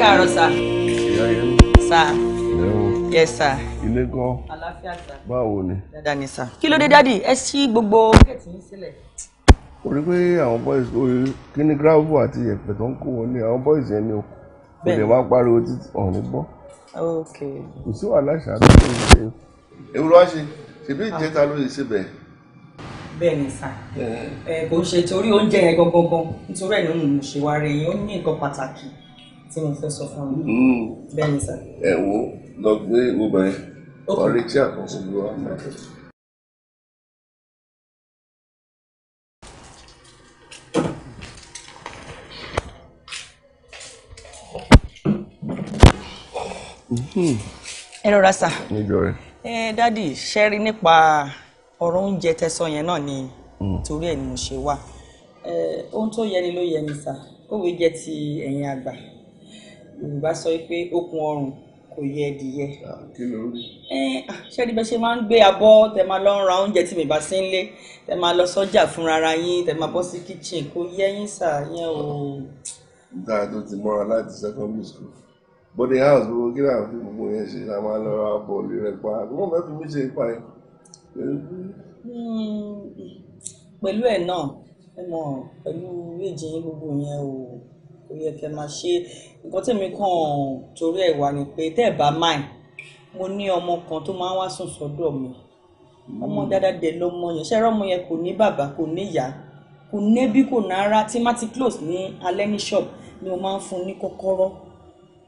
káàárọ̀ sà. ìyá yẹn. sà. ilé o. yẹ sà. ilé gan. àlàáfíà sà. báwo ni. dáadáa ni sà. kí ló dé dádì ẹ ṣí gbogbo o rí pé àwọn boys o rí kíní gravel àti yẹ̀pẹ̀ tó ń kó wọn ní àwọn boys yẹn ni o. bẹ́ẹ̀ ni o lè wá pariwo títí ọ̀hún ní gbọ́. ok. kò sí wàhálà ṣáà ló ń ṣe. ewúro wá ṣe ṣèbí ìjẹta ló lè ṣe bẹ́ẹ̀ bẹ́ẹ̀ ni sà kò ń ṣe torí oúnjẹ yẹn gangan nítorí ẹ̀ ló ń ṣèwà rẹ̀ yẹn ó ní nǹkan pàtàkì tí mo fẹ́ sọ fún ọ. Hmm. bẹ́ẹ̀ ni sà. ẹ wo lọ gbé obìnrin ọ̀rẹ́ tí àkọsọ ló wà náà. ẹ rọra sà ẹ dádì ṣẹ́rí nípa ọ̀rọ̀ oúnjẹ tẹ́sán yẹn náà ni hmm. torí ẹ̀ ni mo ṣe wà ohun tó yẹ ló yẹ ni sà òwe jẹ́ ti ẹ̀yin àgbà yorùbá sọ pé okùn ọrùn kò yẹ ẹdìyẹ. kí ló ṣe máa ń gbé abọ́ tẹ máa lọ ra oúnjẹ tí mi bá sí nílé tẹ máa lọ sọ́jà fúnra yín tẹ máa bọ́ sí kíchìn kò yẹ yín sà yẹn o. dáa tó ti mọ́ra láti secondary school body house gbogbo kí náà fi gbogbo yẹn ṣe la máa lọ ra bọ́ọ̀lù rẹ̀ pa àgbọ̀n mẹ́fì mi ṣe ipa yẹn. Hmm, pẹ̀lú ẹ̀ náà ẹ mọ̀ pẹ̀lú èjì gbogbo yẹn o kò yẹ kẹ́ máa ṣe é nǹkan tèmi kàn torí ẹ̀ wá ni pé tẹ́ ẹ̀ bá máì mo ní ọmọ kan tó máa ń wá sùn sọ́dọ̀ mi ọmọ hmm. dáadáa lọmọ yẹn ṣé ọmọ yẹn kò ní bàbá kò ní ìyá kò nébí kò nára tí má ti close ní alẹ́ ní shop ni mo máa ń fún ní kọ́kọ́rọ́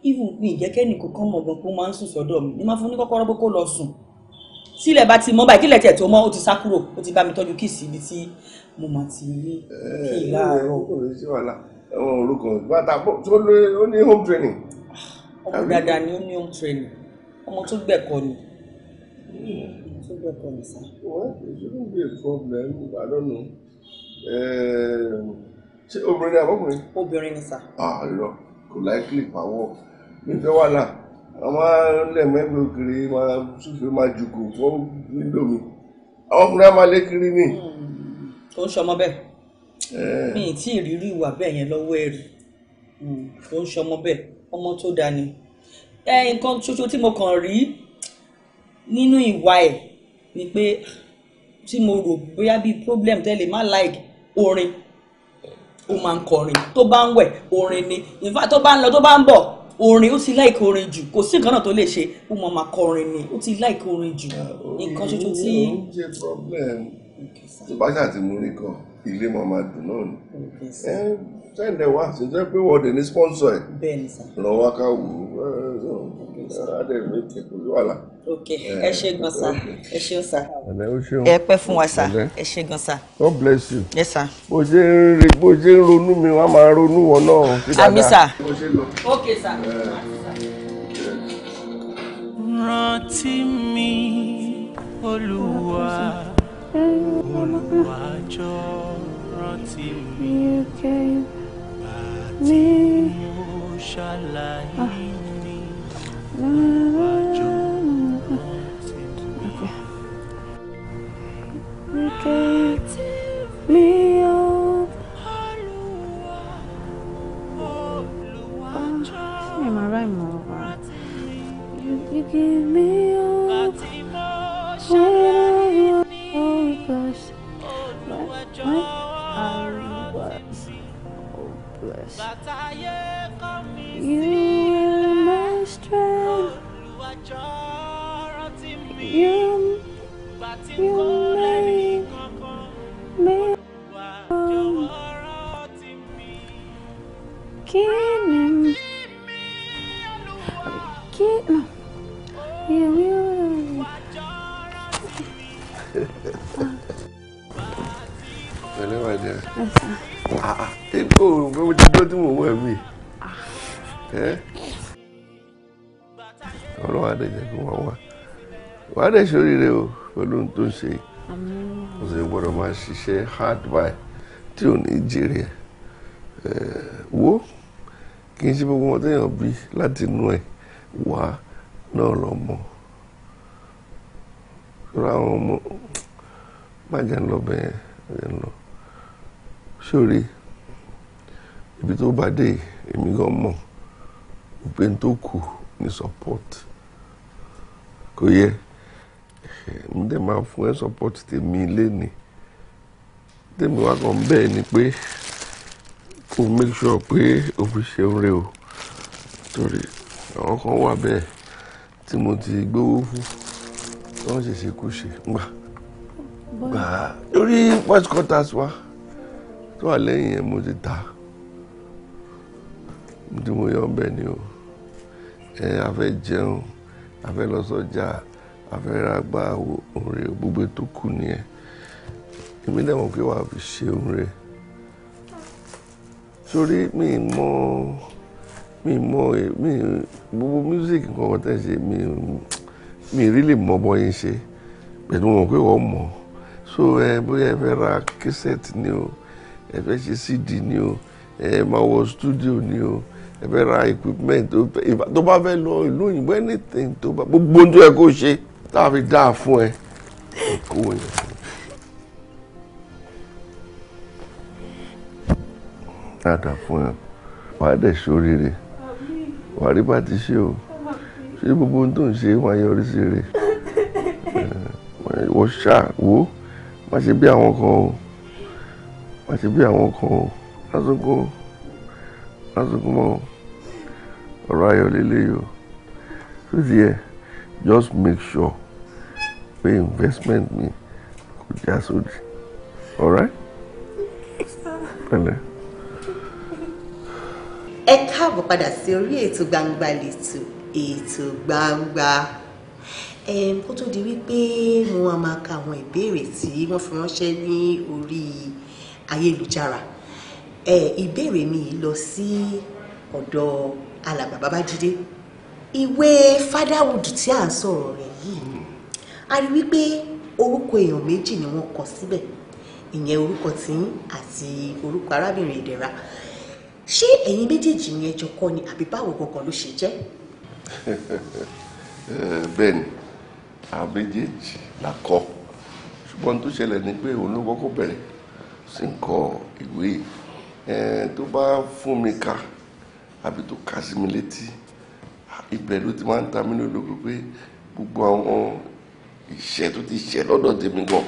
even mi ìjẹ́kẹ́ nìkan kan mọ̀ gan pé máa ń sùn sọ́dọ̀ mi ni máa fún ní kọ́kọ́rọ́ pé kó lọ sùn sílẹ̀ bá ti mọ́ báyìí kílẹ̀ tẹ̀ tó mọ́ ó ti sá kúrò ó ti bá mi tọ́jú kìsì ibi tí mo máa ti rí eh, kì í láàárọ̀ ẹ̀wọ̀n orúkọ bàtà tó ló ní home training. ọmọ dada ni ó ní home training ọmọ tó gbẹ̀kọ́ ni tó gbẹ̀kọ́ ni sá. well it shouldn't be a problem I don't know. ṣé obìnrin ni àbọ̀kùnrin. obìnrin ni sá. àlọ kò láìkìlì pàwọ́ mi fẹ́ wà náà àwọn lẹ́mẹ̀ẹ́gbẹ̀ òkèrè máa ṣùfẹ́ máa jùgò fún nílò mi àwọn ọkùnrin á máa lé kiri ni. tó hmm. ń ṣọmọ bẹ́ẹ̀. Eh. mi ì tí ì rírí ìwà bẹ́ẹ̀ yẹn lọ́wọ́ ẹ̀ rí kò hmm, ń ṣọmọ bẹ́ẹ̀ ọmọ tó da ni nǹkan ṣoṣo tí mo kàn rí nínú ìwà ẹ̀ ni pé tí mo rò bóyá bíi problem tẹ́lẹ̀ má like orin ó máa ń kọrin tó bá ń wẹ̀ orin ni in fact tó bá ń lọ tó bá ń bọ̀ orin ó ti like orin jù kò sí nǹkan náà tó lè ṣe ó mọ máa kọrin ni ó ti like orin jù ah, nǹkan ṣoṣo tí. oúnjẹ problem tó bá ṣàtìmú nìkan ilé máa máa dùn náà ni ẹ wá sí jẹ́ pé wọ́n dẹ̀ ní sponsor ẹ̀ lọ ká wò ó adẹ̀rẹ̀ tẹ̀ kò wàhálà. ok ẹ ṣe gan ẹ ṣe ọ̀sà ẹ pẹ́ fún wa sa ẹ ṣe gan God bless you. yes sir. bó ṣe ń rí bó ṣe ń ronú mi wàá máa ronú wọn náà. àmì sà ok sà. rántí mi olúwa. Oh, olùwàjọ rántí mi bàtí mo ṣàlàyé ni olùwàjọ rántí mi. Rántí mi. give me èkó ah, ah. òògùn mo ti dúró tí mò ń wọ ẹ̀mí ah. eh? ọlọ́wà dẹ̀ jẹ́ kó wá wá wà á dẹ̀ o pẹ̀lú ohun tó ń ṣe o sì gbọ́dọ̀ máa ṣiṣẹ́ hard by tí ò ní jèrè ẹ̀ eh, wo kì í ṣe gbogbo ọmọ téèyàn bí láti inú ẹ̀ wá náà lọ́mọ ra àwọn ọmọ má ń lọ bẹ́ẹ̀ má ń lọ ṣòre ibi tó bá dé èmi gan mọ̀ pé n tó kù ní support kò yẹ èmi dẹ̀ máa fún ẹ support tèmi léni tèmi wá kàn bẹ́ẹ̀ ni pé kó make sure pé o fi ṣeun re o torí àwọn kan wà bẹ́ẹ̀ tí mo ti gbowó fún tó ń ṣèṣe kú gbà gbà lórí first quarters wa. Wow tó wà lẹ́yìn yẹn mo ti tà tí mo yọ ọbẹ̀ ni o ẹ a fẹ́ jẹun a fẹ́ lọ sọ́jà a fẹ́ ra gbá òrè gbogbo tó kù nìyẹn èmi dẹ̀ mọ̀ pé wàá fi ṣe òrè sórí mi mọ mi mọ mi gbogbo music nǹkan kan tẹ̀ ṣe mi mi really mọ bọ́ yín ṣe pẹ̀lú wọn pé wọ́n mọ̀ so ẹ bóyá ẹ fẹ́ ra kẹsẹ̀tì ni o ẹ fẹ́ ṣe cd ni o ẹ máa wọ studio ni o ẹ fẹ́ ra equipment tó bá fẹ́ lọ ìlú òyìnbó anything tó bá gbogbo ohun tó yẹ kó ṣe tá a fi dáa fún ẹ kó o yẹ. dáadáa fún ẹ wàá dẹ̀ ṣoríire wàá rí bá ti ṣe o ṣé gbogbo ohun tó ń ṣe máa yọrí sí rè wọ́n ṣáà wò ó má ṣe bí àwọn kan o àti bí àwọn kan lásìkò lásìkò mọ ọ̀rọ̀ ayọ̀ lélẹ́yìí o tó ti yẹ just make sure pay investment mi kò já sódì alright ẹ káàbọ̀ padà sí orí ètò gbangba lẹ́tò ètò gbangba kó tó di wípé mo máa ka àwọn ìbéèrè tí wọ́n fi ránṣẹ́ ní orí ayélujára ẹ ìbéèrè mi yìí lọ sí ọ̀dọ̀ alàgbà babájídé ìwé fatherhood tí à ń sọ̀rọ̀ rẹ̀ yìí a rí wípé orúkọ èèyàn méjì ni wọ́n kọ síbẹ̀ ìyẹn orúkọ tìyín àti orúkọ arábìnrin ìdẹ̀ra ṣé ẹ̀yin méjèèjì yẹn jọ kọ́ ni àbí báwo gangan ló ṣe jẹ́. <laughs> bẹ́ẹ̀ ni àwọn méjèèjì la kọ ṣùgbọ́n tó ṣẹlẹ̀ ni pé òun ló kọ́kọ́ bẹ̀rẹ̀ sí nǹkan ìwé tó bá fún mi kà àbí tó kà sí mi létí ibẹ̀ ló ti máa ń ta mí lólobó pé gbogbo àwọn ìṣẹ́ tó ti ṣẹ́ lọ́dọ̀ tèmi gan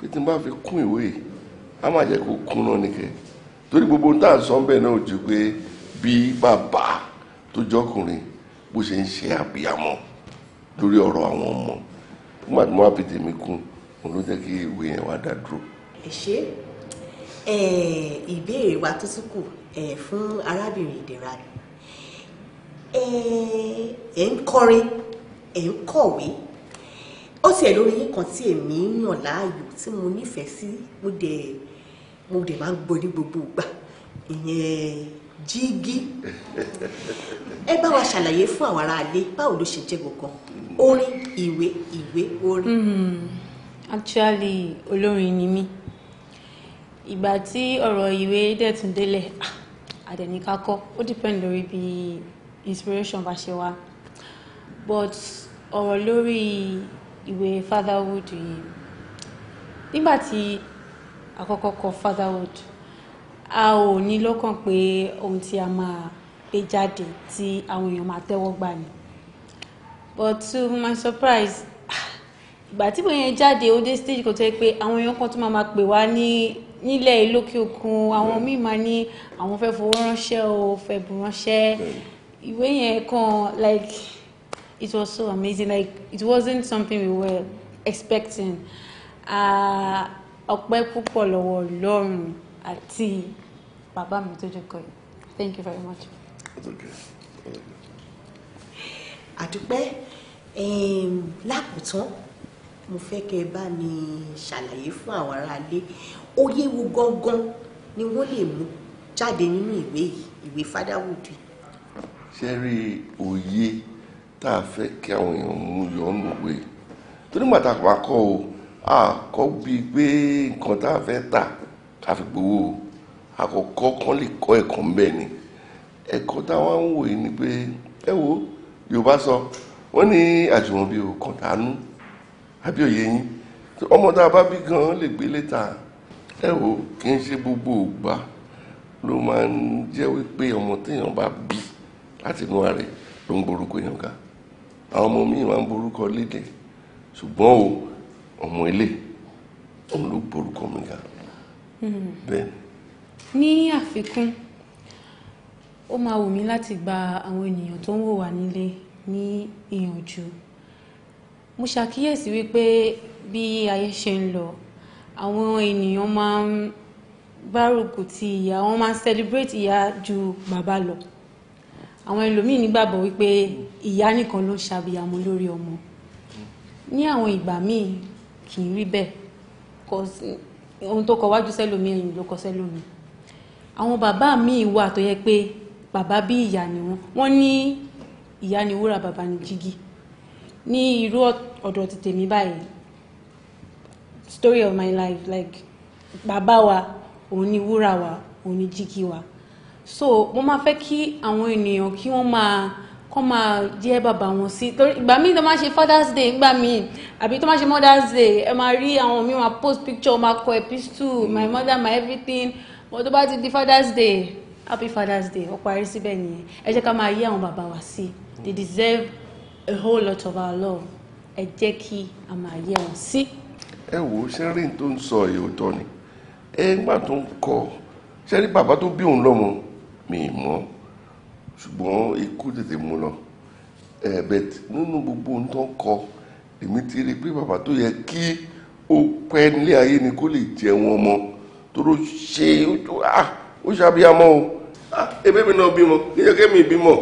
pé tí n bá fi kún ìwé á máa jẹ́ kó kún náà nìkẹ́ torí gbogbo tá à ń sọ bẹ́ẹ̀ náà jù pé bí bàbá tó jọkùnrin bó ṣe ń ṣe àbíyamọ lórí ọ̀rọ̀ àwọn ọmọ nígbà tí mo tèmi kún òun ló jẹ́ kí ìwé yẹn wá dá dúró. ẹ ṣe ìbéèrè wa tó tún kù fún arábìnrin ìdẹ̀ra ẹ̀ ń kọrin ẹ̀ ń kọ̀wé ó tiẹ̀ lórí yín kan tí èmi ń yàn láàyò tí mo nífẹ̀ẹ́ sí mo dẹ̀ mo dẹ̀ máa ń gbọ́ ní gbogbo ìgbà ìyẹn jígí ẹ bá wa ṣàlàyé fún àwọn aráalé báwo ló ṣe jẹ́ gbọ̀ngàn orin ìwé ìwé orin. Hmm, actually olórin ni mí. Mm -hmm ìgbà tí ọ̀rọ̀ ìwé dẹ̀tún délẹ̀ àdẹ̀níká ah, ó depend lórí bí inspiration bá ṣe wá but ọ̀rọ̀ lórí ìwé fatherhood yìí nígbà tí àkọ́kọ́ kọ fatherhood a ò ní lọ́kàn pé ohun tí a máa gbé jáde tí àwọn èèyàn máa tẹ́wọ́ gbà ni but to my surprise ah, ìgbà tí mo yẹn jáde ó dé stage kan tó yẹ pé àwọn èèyàn kan tó máa máa pè wá ní nílẹ̀ ìlókè òkun àwọn míì máa ní àwọn fẹ́ fowó ránṣẹ́ o fẹ́ bù ránṣẹ́ ìwé yẹn kan like it was so amazing like it wasn't something we were expecting ọpẹ́ púpọ̀ lọ́wọ́ Ọlọ́run àti bàbá mi tó jẹ́ kọ́ thank you very much. àdúpẹ́ lákòótán mo fẹ́ kẹ́ ẹ bá mi ṣàlàyé fún àwọn aráalé oyè wo gangan ni wọ́n lè mú jáde nínú ìwé yìí ìwé fatherhood yìí. ṣé rí òye tá a fẹ́ kí àwọn èèyàn mú yọ ọ́ nùwé tó nígbà tá kọ́ o a kọ́ bíi pé nǹkan tá a fẹ́ tà ká fi gbowó o àkọ́kọ́ kan lè kọ́ ẹ̀kọ́ mbẹ́ ni ẹ̀kọ́ táwọn ń wòye ni pé ẹ wo yorùbá sọ wọ́n ní àjùmọ̀bí ò kàn tánú àbí òye yín ọmọ tá a bá bí gan lè gbé lẹ́tà ẹ wò kí n ṣe gbogbo ògbà ló máa ń jẹ́ wípé ọmọ téèyàn bá bí láti inú ààrẹ ló ń borúkọ èèyàn ká àwọn ọmọ míì máa ń borúkọ lédè ṣùgbọ́n o ọmọ ilé òun ló borúkọ mi ká bẹ́ẹ̀. ní àfikún ó máa wù mí láti gba àwọn ènìyàn tó ń wò wá nílé ní ìyànjú mo ṣàkíyèsí wípé bí ayé ṣe ń lọ àwọn ènìyàn máa ń gbárùkù ti ìyá wọn máa ń celebrate ìyá ju bàbá lọ àwọn ẹlòmíì nígbàgbọ́ wípé ìyá nìkan ló ń ṣàbíyamọ lórí ọmọ ní àwọn ìgbà míì kì í rí bẹ́ẹ̀ ohun tó kọ wájú sẹ́lòmíì ẹ̀yìn ló kọ sẹ́lòmíì àwọn bàbá míì wà tó yẹ pé bàbá bí ìyá ni wọn wọn ní ìyá ni wúrà bàbá ni jígí ní irú ọ̀dọ̀ ti tèmi báyìí story of my life like bàbá wa òun ni wúrà wa òun ni jíkì wa so mo máa fẹ́ kí àwọn ènìyàn kí wọ́n máa kọ́ máa jẹ́ bàbá wọn sí torí ìgbà míì tó máa ṣe father's day ìgbà míì àbí tó máa ṣe mother's day ẹ máa rí àwọn míì máa post picture máa kọ epistle my mother my everything but tó bá ti di father's day happy father's day ó parí síbẹ̀ nìyẹn ẹ jẹ́ ká máa yí àwọn bàbá wa sí they deserve a whole lot of our love ẹ jẹ́ kí a máa yẹ wọn sí ẹ wò ó sẹ́rìn tó ń sọ èyí òótọ́ ni ẹ ńgbà tó ń kọ sẹ́rí bàbá tó bí òun lọ́mọ mi mọ́ ṣùgbọ́n ikú tètè mú lọ ẹ bẹ́ẹ̀ nínú gbogbo ohun tó ń kọ èmi ti rí i pé bàbá tó yẹ kí ó pẹ́ nílé ayé ni kó lè jẹun ọmọ tóró ṣe ah, ó ṣàbíyamọ́ o ah, ebe mi náà bímọ níjẹ́ kẹ́mi bímọ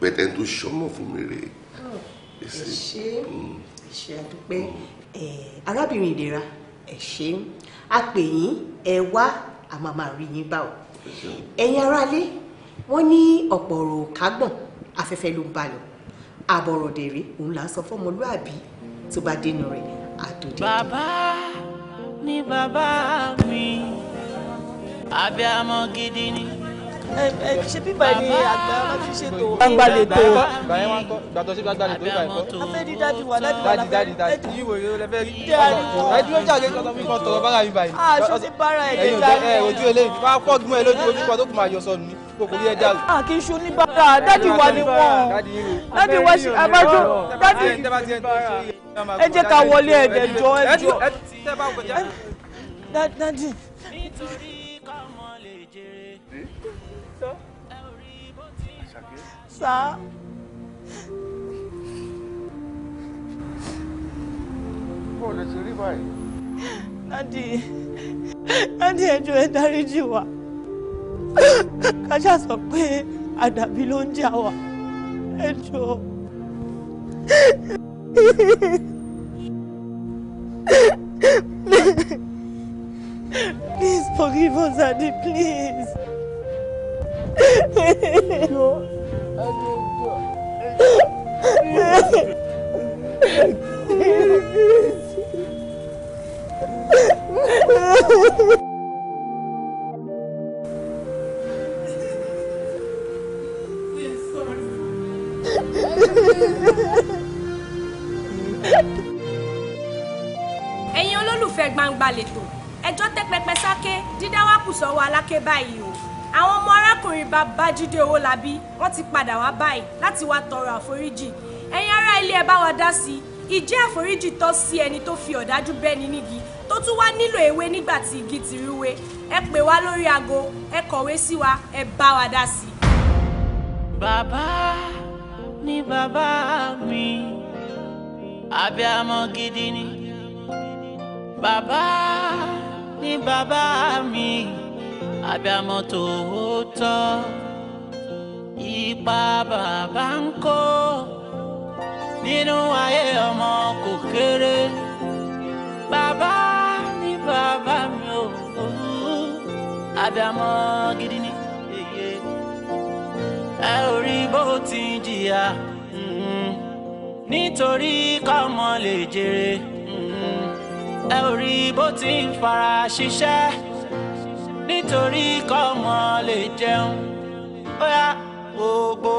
pẹ̀tẹ́ tó ṣọmọ fún mi rèé. Oh, ẹ ṣe ẹ ṣe àdúpẹ́ mm. Eh, arábìnrin ìdẹ̀ra ẹ ṣé yín ẹ wá àmọ́ máa rí yín báwo ẹ̀yin aráalé wọ́n ní ọ̀pọ̀ ọ̀rọ̀ kágbọ̀n afẹ́fẹ́ ló ń bá lọ àbọ̀rọ̀dèrè òun là ń sọ fọ́mọlúàbí tó bá dénú rẹ̀ àtòdè. bàbá ni bàbá mi àbí amọ̀ gidi ni ṣe bí báyìí ni àgbà máa fi ṣètò gbàgbàlétò. gbàtọ̀ sí gbàgbàlétò ìgbà ẹ̀kọ́. a fẹ́ di dádì wa dádì wa la fẹ́ di dádì yìí wòye ló fẹ́ rí. ẹ dúró jáde kọ́ tọrọ bára mi báyìí. a ṣó ti bára ẹ̀ jẹ́ jáde. ẹ ojú eléyìí wàá pọ̀ gbọ́n ẹ lójú ojú kan tó kù máa yọ sọnù ni kòkò rí ẹ dàrú. a kì í ṣo ní bàbá dádì wa ni wọn dádì wa ṣe abájọ dádì ẹ jẹ́ ká wọlé ẹ̀dẹ̀ jọ ẹ jọ dádì. sá. bó o lè ṣe rí báyìí. dádì dádì ẹjọ́ ẹ dáríjì wá kájà sọ pé àdàbí ló ń jà wá ẹjọ́. Please forgive us, Daddy, please ẹ̀yin olólùfẹ́ gbangba lètò ẹjọ́ tẹ́ pẹpẹ sáké dídáwà kù sọ́wọ́ aláké báyìí Babájídé Owólabí wọ́n ti padà wá báyìí láti wá tọrọ àforíjì ẹ̀yin ará ilé ẹ bá wa dá sí i ìjẹ́ àforíjì tọ́ sí ẹni tó fi ọ̀dájú bẹ́ni nígi tó tún wá nílò ewé nígbà tí igi ti rúwé ẹ pè wá lórí aago ẹ kọ̀wé sí wa ẹ bá wa dá sí bàbá ni bàbá mi àbíamọ gidi ni bàbá ni bàbá mi. Abiamo tutto. I Baba Banco. Ninu nínú ayé ọmọ kò kéré ni Baba mi ò abiyamọ gidi ni ẹ ò rí bó ti ń jìyà mm-hmm. nítorí kọ́mọ lè jèrè mm-hmm. ẹ ò rí bó ti ń fara ṣiṣẹ́ nítorí kọ́mọ lè jẹun ó yá gbogbo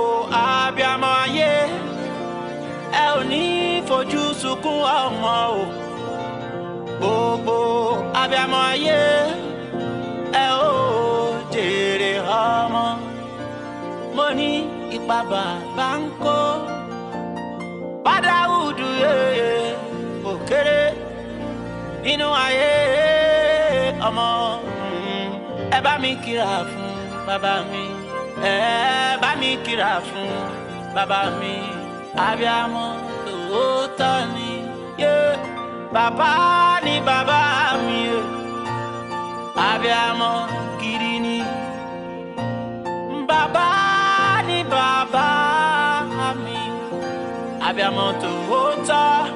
abiyamọ ayé ẹ ò ní fojú sunkún ọmọ o gbogbo abiyamọ ayé ẹ ò jèrè ọmọ mo ní ipa bàbá ń kó bàdáwùdù yèyè òkèrè nínú ayé ọmọ ẹ bá mi kíra fún bàbá mi ẹ bá mi kíra fún bàbá mi abiyamọ tòótọ́ ni yé bàbá ni bàbá mi yé abiyamọ gidi ni bàbá ni bàbá mi abiyamọ tòótọ́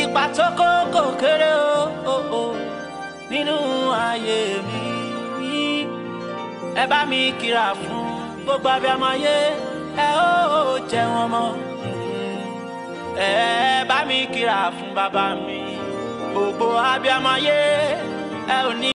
ipa tó kó kò o nínú ayé mi ẹ bá mi kíra fún gbogbo abiyamọ ayé ẹ ó jẹun ọmọ ẹ bá mi kíra fún bàbá mi gbogbo abiyamọ ayé ẹ ò ní.